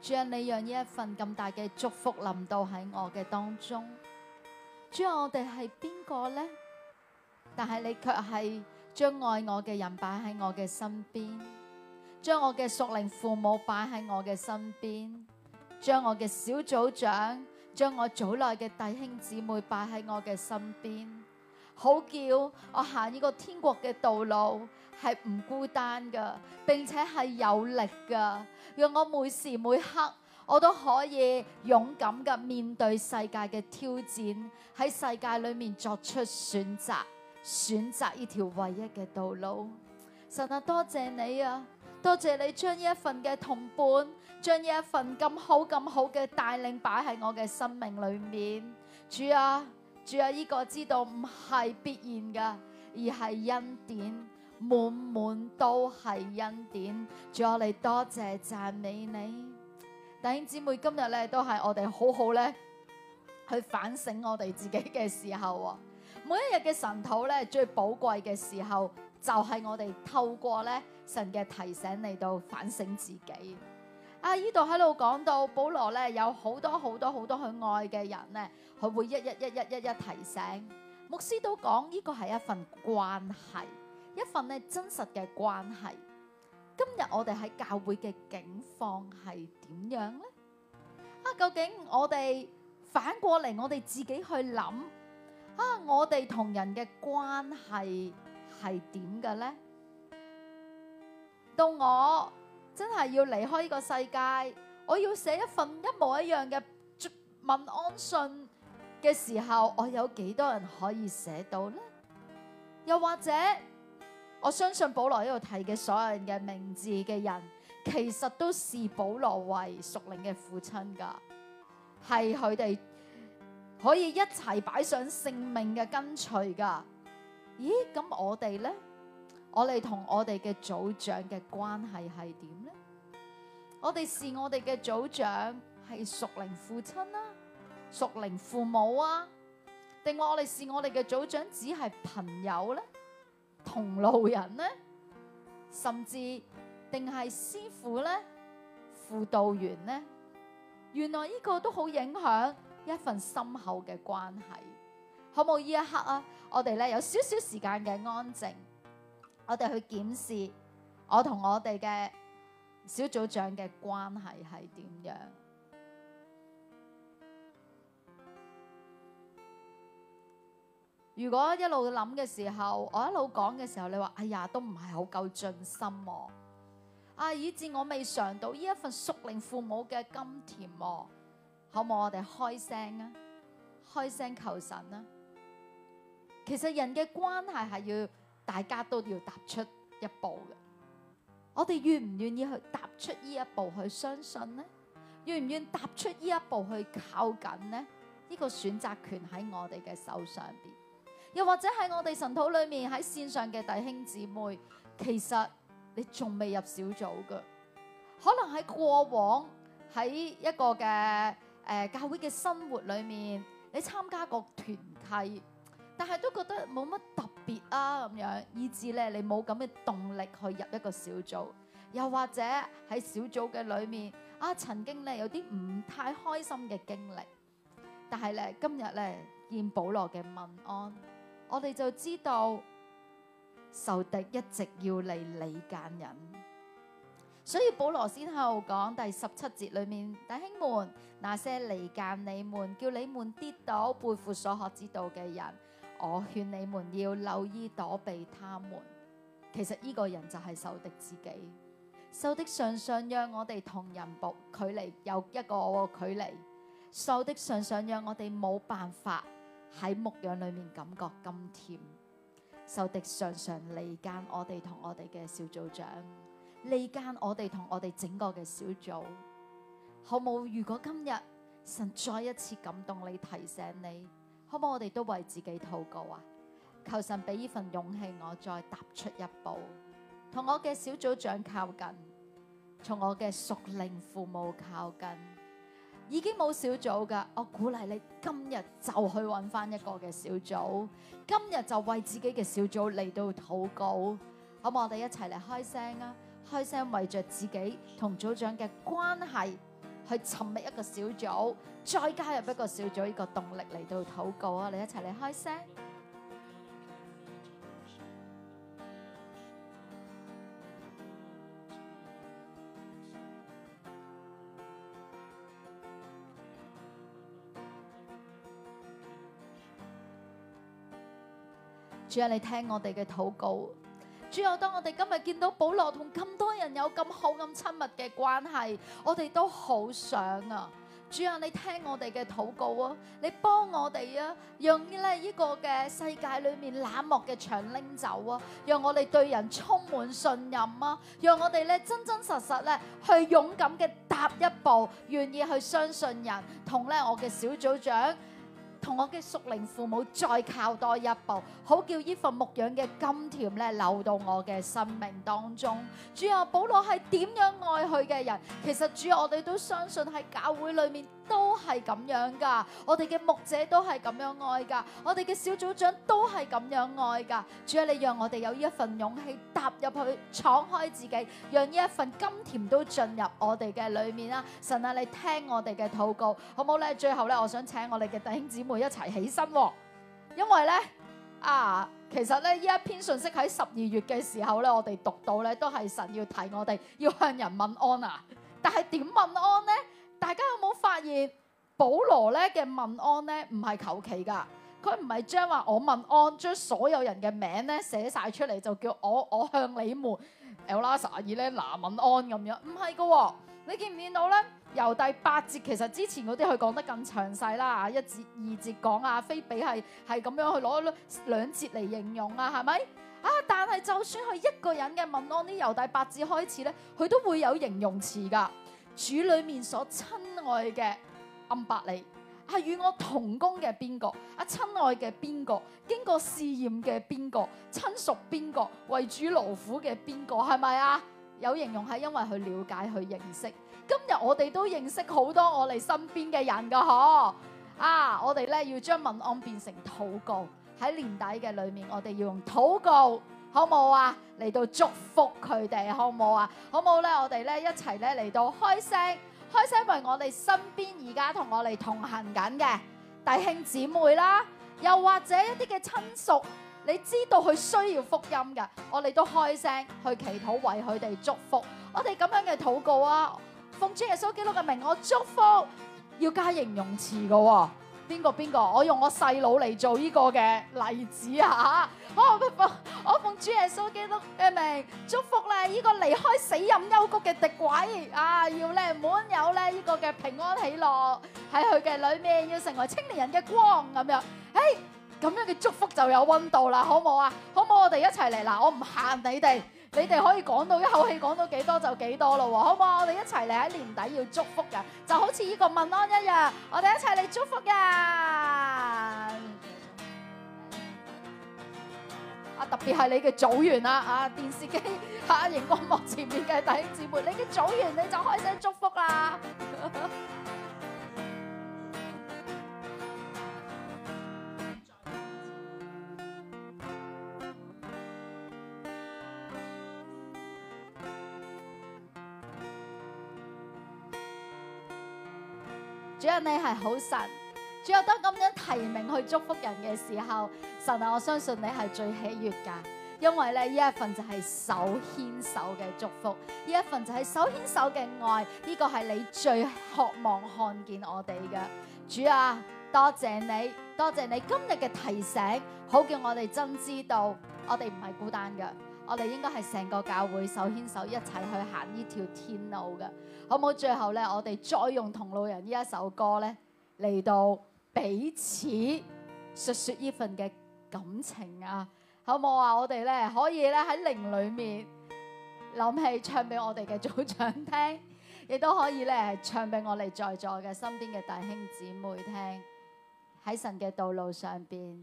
主啊，你讓呢一份咁大嘅祝福臨到喺我嘅當中。主啊，我哋係邊個呢？但係你卻係將愛我嘅人擺喺我嘅身邊，將我嘅屬靈父母擺喺我嘅身邊，將我嘅小組長，將我組內嘅弟兄姊妹擺喺我嘅身邊。好叫我行呢個天國嘅道路係唔孤單嘅，並且係有力嘅，讓我每時每刻我都可以勇敢嘅面對世界嘅挑戰，喺世界裏面作出選擇，選擇呢條唯一嘅道路。神啊，多謝你啊，多謝你將呢一份嘅同伴，將呢一份咁好咁好嘅帶領擺喺我嘅生命裏面，主啊！仲有依個，知道唔係必然噶，而係恩典，滿滿都係恩典。仲有，你多謝讚美你弟兄姊妹，今日咧都係我哋好好咧去反省我哋自己嘅時候、哦。每一日嘅神土咧最寶貴嘅時候，就係、是、我哋透過咧神嘅提醒嚟到反省自己。啊！依度喺度講到保羅咧，有好多好多好多佢愛嘅人咧，佢會一一一一一一提醒。牧師都講呢個係一份關係，一份咧真實嘅關係。今日我哋喺教會嘅境況係點樣咧？啊，究竟我哋反過嚟，我哋自己去諗啊，我哋同人嘅關係係點嘅咧？到我。真係要離開呢個世界，我要寫一份一模一樣嘅問安信嘅時候，我有幾多人可以寫到呢？又或者，我相信保羅呢度提嘅所有人嘅名字嘅人，其實都視保羅為屬靈嘅父親噶，係佢哋可以一齊擺上性命嘅跟隨噶。咦？咁我哋呢？我哋同我哋嘅組長嘅關係係點呢？我哋視我哋嘅組長係屬靈父親啊，屬靈父母啊，定話我哋視我哋嘅組長只係朋友呢、同路人呢，甚至定係師傅呢、輔導員呢？原來呢個都好影響一份深厚嘅關係，好冇呢一刻啊！我哋咧有少少時間嘅安靜。我哋去檢視我同我哋嘅小組長嘅關係係點樣？如果一路諗嘅時候，我一路講嘅時候，你話哎呀，都唔係好夠盡心喎、啊！啊，以至我未嘗到呢一份屬靈父母嘅甘甜喎、啊，好冇？我哋開聲啊，開聲求神啦、啊！其實人嘅關係係要。大家都要踏出一步嘅，我哋願唔願意去踏出呢一步去相信呢？願唔願踏出呢一步去靠近呢？呢、這個選擇權喺我哋嘅手上邊，又或者喺我哋神土裏面喺線上嘅弟兄姊妹，其實你仲未入小組嘅，可能喺過往喺一個嘅誒、呃、教會嘅生活裏面，你參加過團契。但係都覺得冇乜特別啊，咁樣以至咧你冇咁嘅動力去入一個小組，又或者喺小組嘅裏面啊，曾經咧有啲唔太開心嘅經歷。但係咧今日咧見保羅嘅問安，我哋就知道仇敵一直要嚟離間人，所以保羅先後講第十七節裏面，弟兄們那些離間你們、叫你們跌倒、背負所學之道嘅人。我勸你們要留意躲避他們。其實呢個人就係仇敵自己。仇敵常常讓我哋同人步距離有一個我的距離。仇敵常常讓我哋冇辦法喺牧養裏面感覺咁甜。仇敵常常離間我哋同我哋嘅小組長，離間我哋同我哋整個嘅小組，好冇？如果今日神再一次感動你，提醒你。可唔可以？好好，我哋都為自己禱告啊？求神俾呢份勇氣，我再踏出一步，同我嘅小組長靠近，同我嘅屬靈父母靠近。已經冇小組噶，我鼓勵你今日就去搵返一個嘅小組，今日就為自己嘅小組嚟到禱告。好唔好我哋一齊嚟開聲啊！開聲為着自己同組長嘅關係。去尋覓一個小組，再加入一個小組，呢個動力嚟到禱告啊！你一齊嚟開聲。主啊，你聽我哋嘅禱告。主有當我哋今日見到保羅同咁多人有咁好咁親密嘅關係，我哋都好想啊！主有你聽我哋嘅禱告啊，你幫我哋啊，用咧呢個嘅世界裏面冷漠嘅牆拎走啊，讓我哋對人充滿信任啊，讓我哋咧真真實實咧去勇敢嘅踏一步，願意去相信人，同咧我嘅小組長。同我嘅屬靈父母再靠多一步，好叫呢份牧養嘅甘甜咧流到我嘅生命當中。主啊，保羅係點樣愛佢嘅人？其實主啊，我哋都相信喺教會裏面。都係咁樣噶，我哋嘅牧者都係咁樣愛噶，我哋嘅小組長都係咁樣愛噶。主啊，你讓我哋有呢一份勇氣踏入去，敞開自己，讓呢一份甘甜都進入我哋嘅裏面啦。神啊，你聽我哋嘅禱告，好唔好咧？最後咧，我想請我哋嘅弟兄姊妹一齊起身，哦，因為咧啊，其實咧呢一篇信息喺十二月嘅時候咧，我哋讀到咧都係神要提我哋要向人問安啊，但係點問安呢？大家有冇發現，保羅咧嘅問安咧唔係求其㗎，佢唔係將話我問安，將所有人嘅名咧寫晒出嚟就叫我我向你們，拉撒爾咧嗱，問安咁樣，唔係㗎喎，你見唔見到咧？由第八節其實之前嗰啲佢講得更詳細啦，一節二節講啊，非比係係咁樣去攞兩兩節嚟形容啊，係咪？啊，但係就算係一個人嘅問安，呢由第八節開始咧，佢都會有形容詞㗎。主裏面所親愛嘅暗伯利，係、嗯、與我同工嘅邊個？啊親愛嘅邊個？經過試驗嘅邊個？親屬邊個？為主勞苦嘅邊個？係咪啊？有形容係因為佢了解佢認識。今日我哋都認識好多我哋身邊嘅人噶嗬。啊，我哋咧要將問安變成禱告。喺年底嘅裏面，我哋要用禱告。好冇啊！嚟到祝福佢哋，好冇啊！好冇咧，我哋咧一齊咧嚟到開聲，開聲為我哋身邊而家同我哋同行緊嘅弟兄姊妹啦，又或者一啲嘅親屬，你知道佢需要福音嘅，我哋都開聲去祈禱為佢哋祝福。我哋咁樣嘅禱告啊，奉主耶穌基督嘅名，我祝福，要加形容詞噶喎。邊個邊個？我用我細佬嚟做呢個嘅例子嚇、啊，我奉我奉主耶穌基督嘅名祝福咧！呢、呢個離開死陰幽谷嘅敵鬼啊，要咧滿有咧呢個嘅平安喜樂喺佢嘅裏面，要成為青年人嘅光咁樣。誒，咁樣嘅祝福就有温度啦，好唔好啊？好唔好我？我哋一齊嚟嗱，我唔限你哋。你哋可以講到一口氣講到幾多就幾多咯，好唔好？我哋一齊嚟，喺年底要祝福嘅，就好似呢個問安一樣，我哋一齊嚟祝福嘅。啊，特別係你嘅組員啦，啊，電視機啊熒光幕前面嘅弟兄姊妹，你嘅組員你就開聲祝福啦。 <laughs> 你係好神，主有當咁樣提名去祝福人嘅時候，神啊，我相信你係最喜悦噶，因為咧呢一份就係手牽手嘅祝福，呢一份就係手牽手嘅愛，呢、這個係你最渴望看見我哋嘅。主啊，多謝你，多謝你今日嘅提醒，好叫我哋真知道我哋唔係孤單嘅。我哋應該係成個教會手牽手一齊去行呢條天路嘅，好唔好？最後咧，我哋再用同路人呢一首歌咧嚟到彼此述説呢份嘅感情啊，好唔好啊？我哋咧可以咧喺靈裏面諗起唱俾我哋嘅組長聽，亦都可以咧唱俾我哋在座嘅身邊嘅弟兄姊妹聽，喺神嘅道路上邊。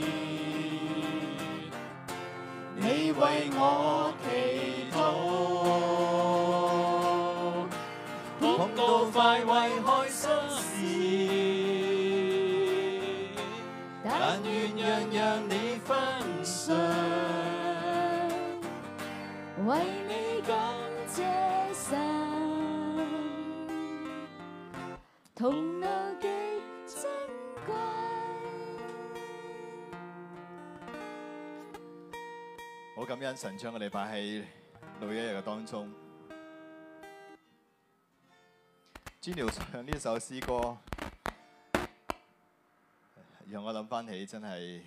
你為我祈禱，痛到快為開心事，但願讓讓你分享。好感恩神將我哋擺喺每一日嘅當中，朱苗唱呢首詩歌，讓我諗翻起真係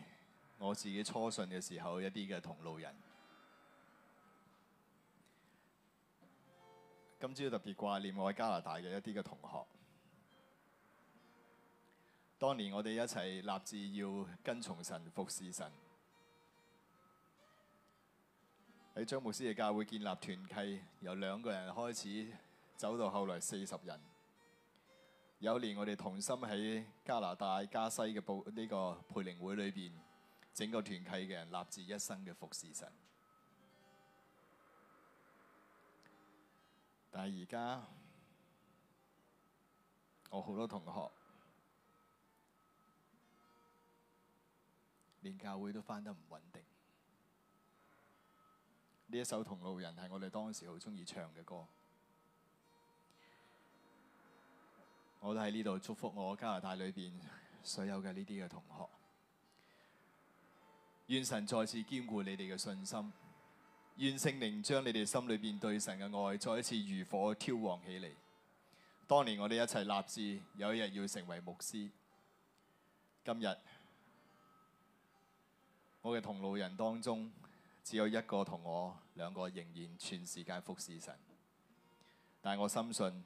我自己初信嘅時候一啲嘅同路人，今朝特別掛念我喺加拿大嘅一啲嘅同學，當年我哋一齊立志要跟從神服侍神。喺張牧師嘅教會建立團契，由兩個人開始走到後來四十人。有一年我哋同心喺加拿大加西嘅布呢個培靈會裏邊，整個團契嘅人立志一生嘅服侍神。但係而家我好多同學連教會都返得唔穩定。呢一首《同路人》係我哋當時好鍾意唱嘅歌。我都喺呢度祝福我加拿大裏邊所有嘅呢啲嘅同學。願神再次堅固你哋嘅信心，願聖靈將你哋心裏邊對神嘅愛再一次如火挑旺起嚟。當年我哋一齊立志有一日要成為牧師，今日我嘅同路人當中。只有一個同我兩個仍然全時間服侍神，但我深信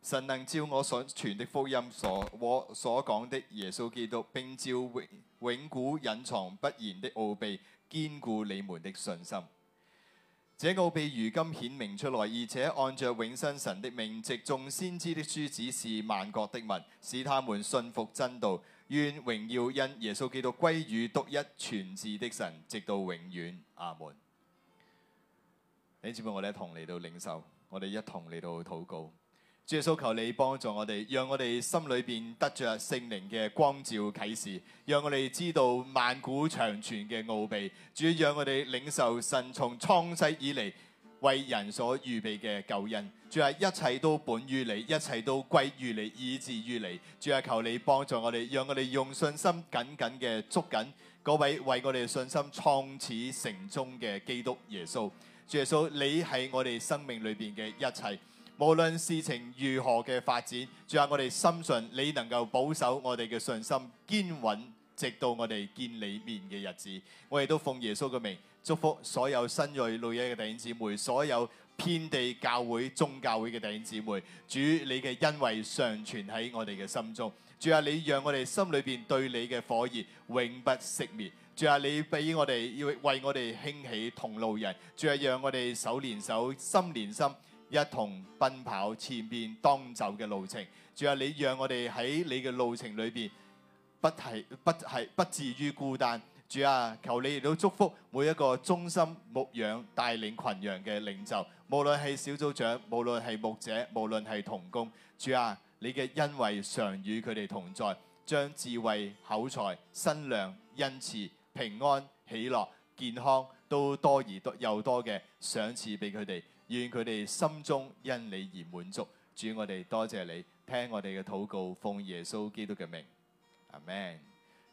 神能照我所傳的福音所我所講的耶穌基督，並照永永古隱藏不言的奧秘堅固你們的信心。這個奧秘如今顯明出來，而且按着永生神的命，藉，眾先知的書指示萬國的民，使他們信服真道。願榮耀因耶穌基督歸於獨一全智的神，直到永遠。阿門。弟兄姊妹，我哋一同嚟到領受，我哋一同嚟到禱告。主耶穌，求你幫助我哋，讓我哋心裏邊得着聖靈嘅光照啟示，讓我哋知道萬古長存嘅奧秘。主，讓我哋領受神從創世以嚟。為人所預備嘅救恩，主啊，一切都本於你，一切都歸於你，以至於你。主啊，求你幫助我哋，讓我哋用信心緊緊嘅捉緊嗰位為我哋信心創始成終嘅基督耶穌。主耶穌，你係我哋生命裏邊嘅一切，無論事情如何嘅發展，主啊，我哋深信你能夠保守我哋嘅信心堅穩，直到我哋見你面嘅日子。我哋都奉耶穌嘅名。祝福所有新銳女一嘅弟兄姊妹，所有遍地教會、宗教會嘅弟兄姊妹。主，你嘅恩惠常存喺我哋嘅心中。主啊，你讓我哋心裏邊對你嘅火熱永不熄滅。主啊，你俾我哋要為我哋興起同路人。主啊，讓我哋手連手、心連心，一同奔跑前面當走嘅路程。主啊，你讓我哋喺你嘅路程裏邊，不係不係不至於孤單。主啊，求你亦都祝福每一個忠心牧養帶領群羊嘅領袖，無論係小組長，無論係牧者，無論係同工。主啊，你嘅恩惠常與佢哋同在，將智慧、口才、身量、恩賜、平安、喜樂、健康都多而多又多嘅賞賜俾佢哋，願佢哋心中因你而滿足。主，我哋多謝你聽我哋嘅禱告，奉耶穌基督嘅名，阿門。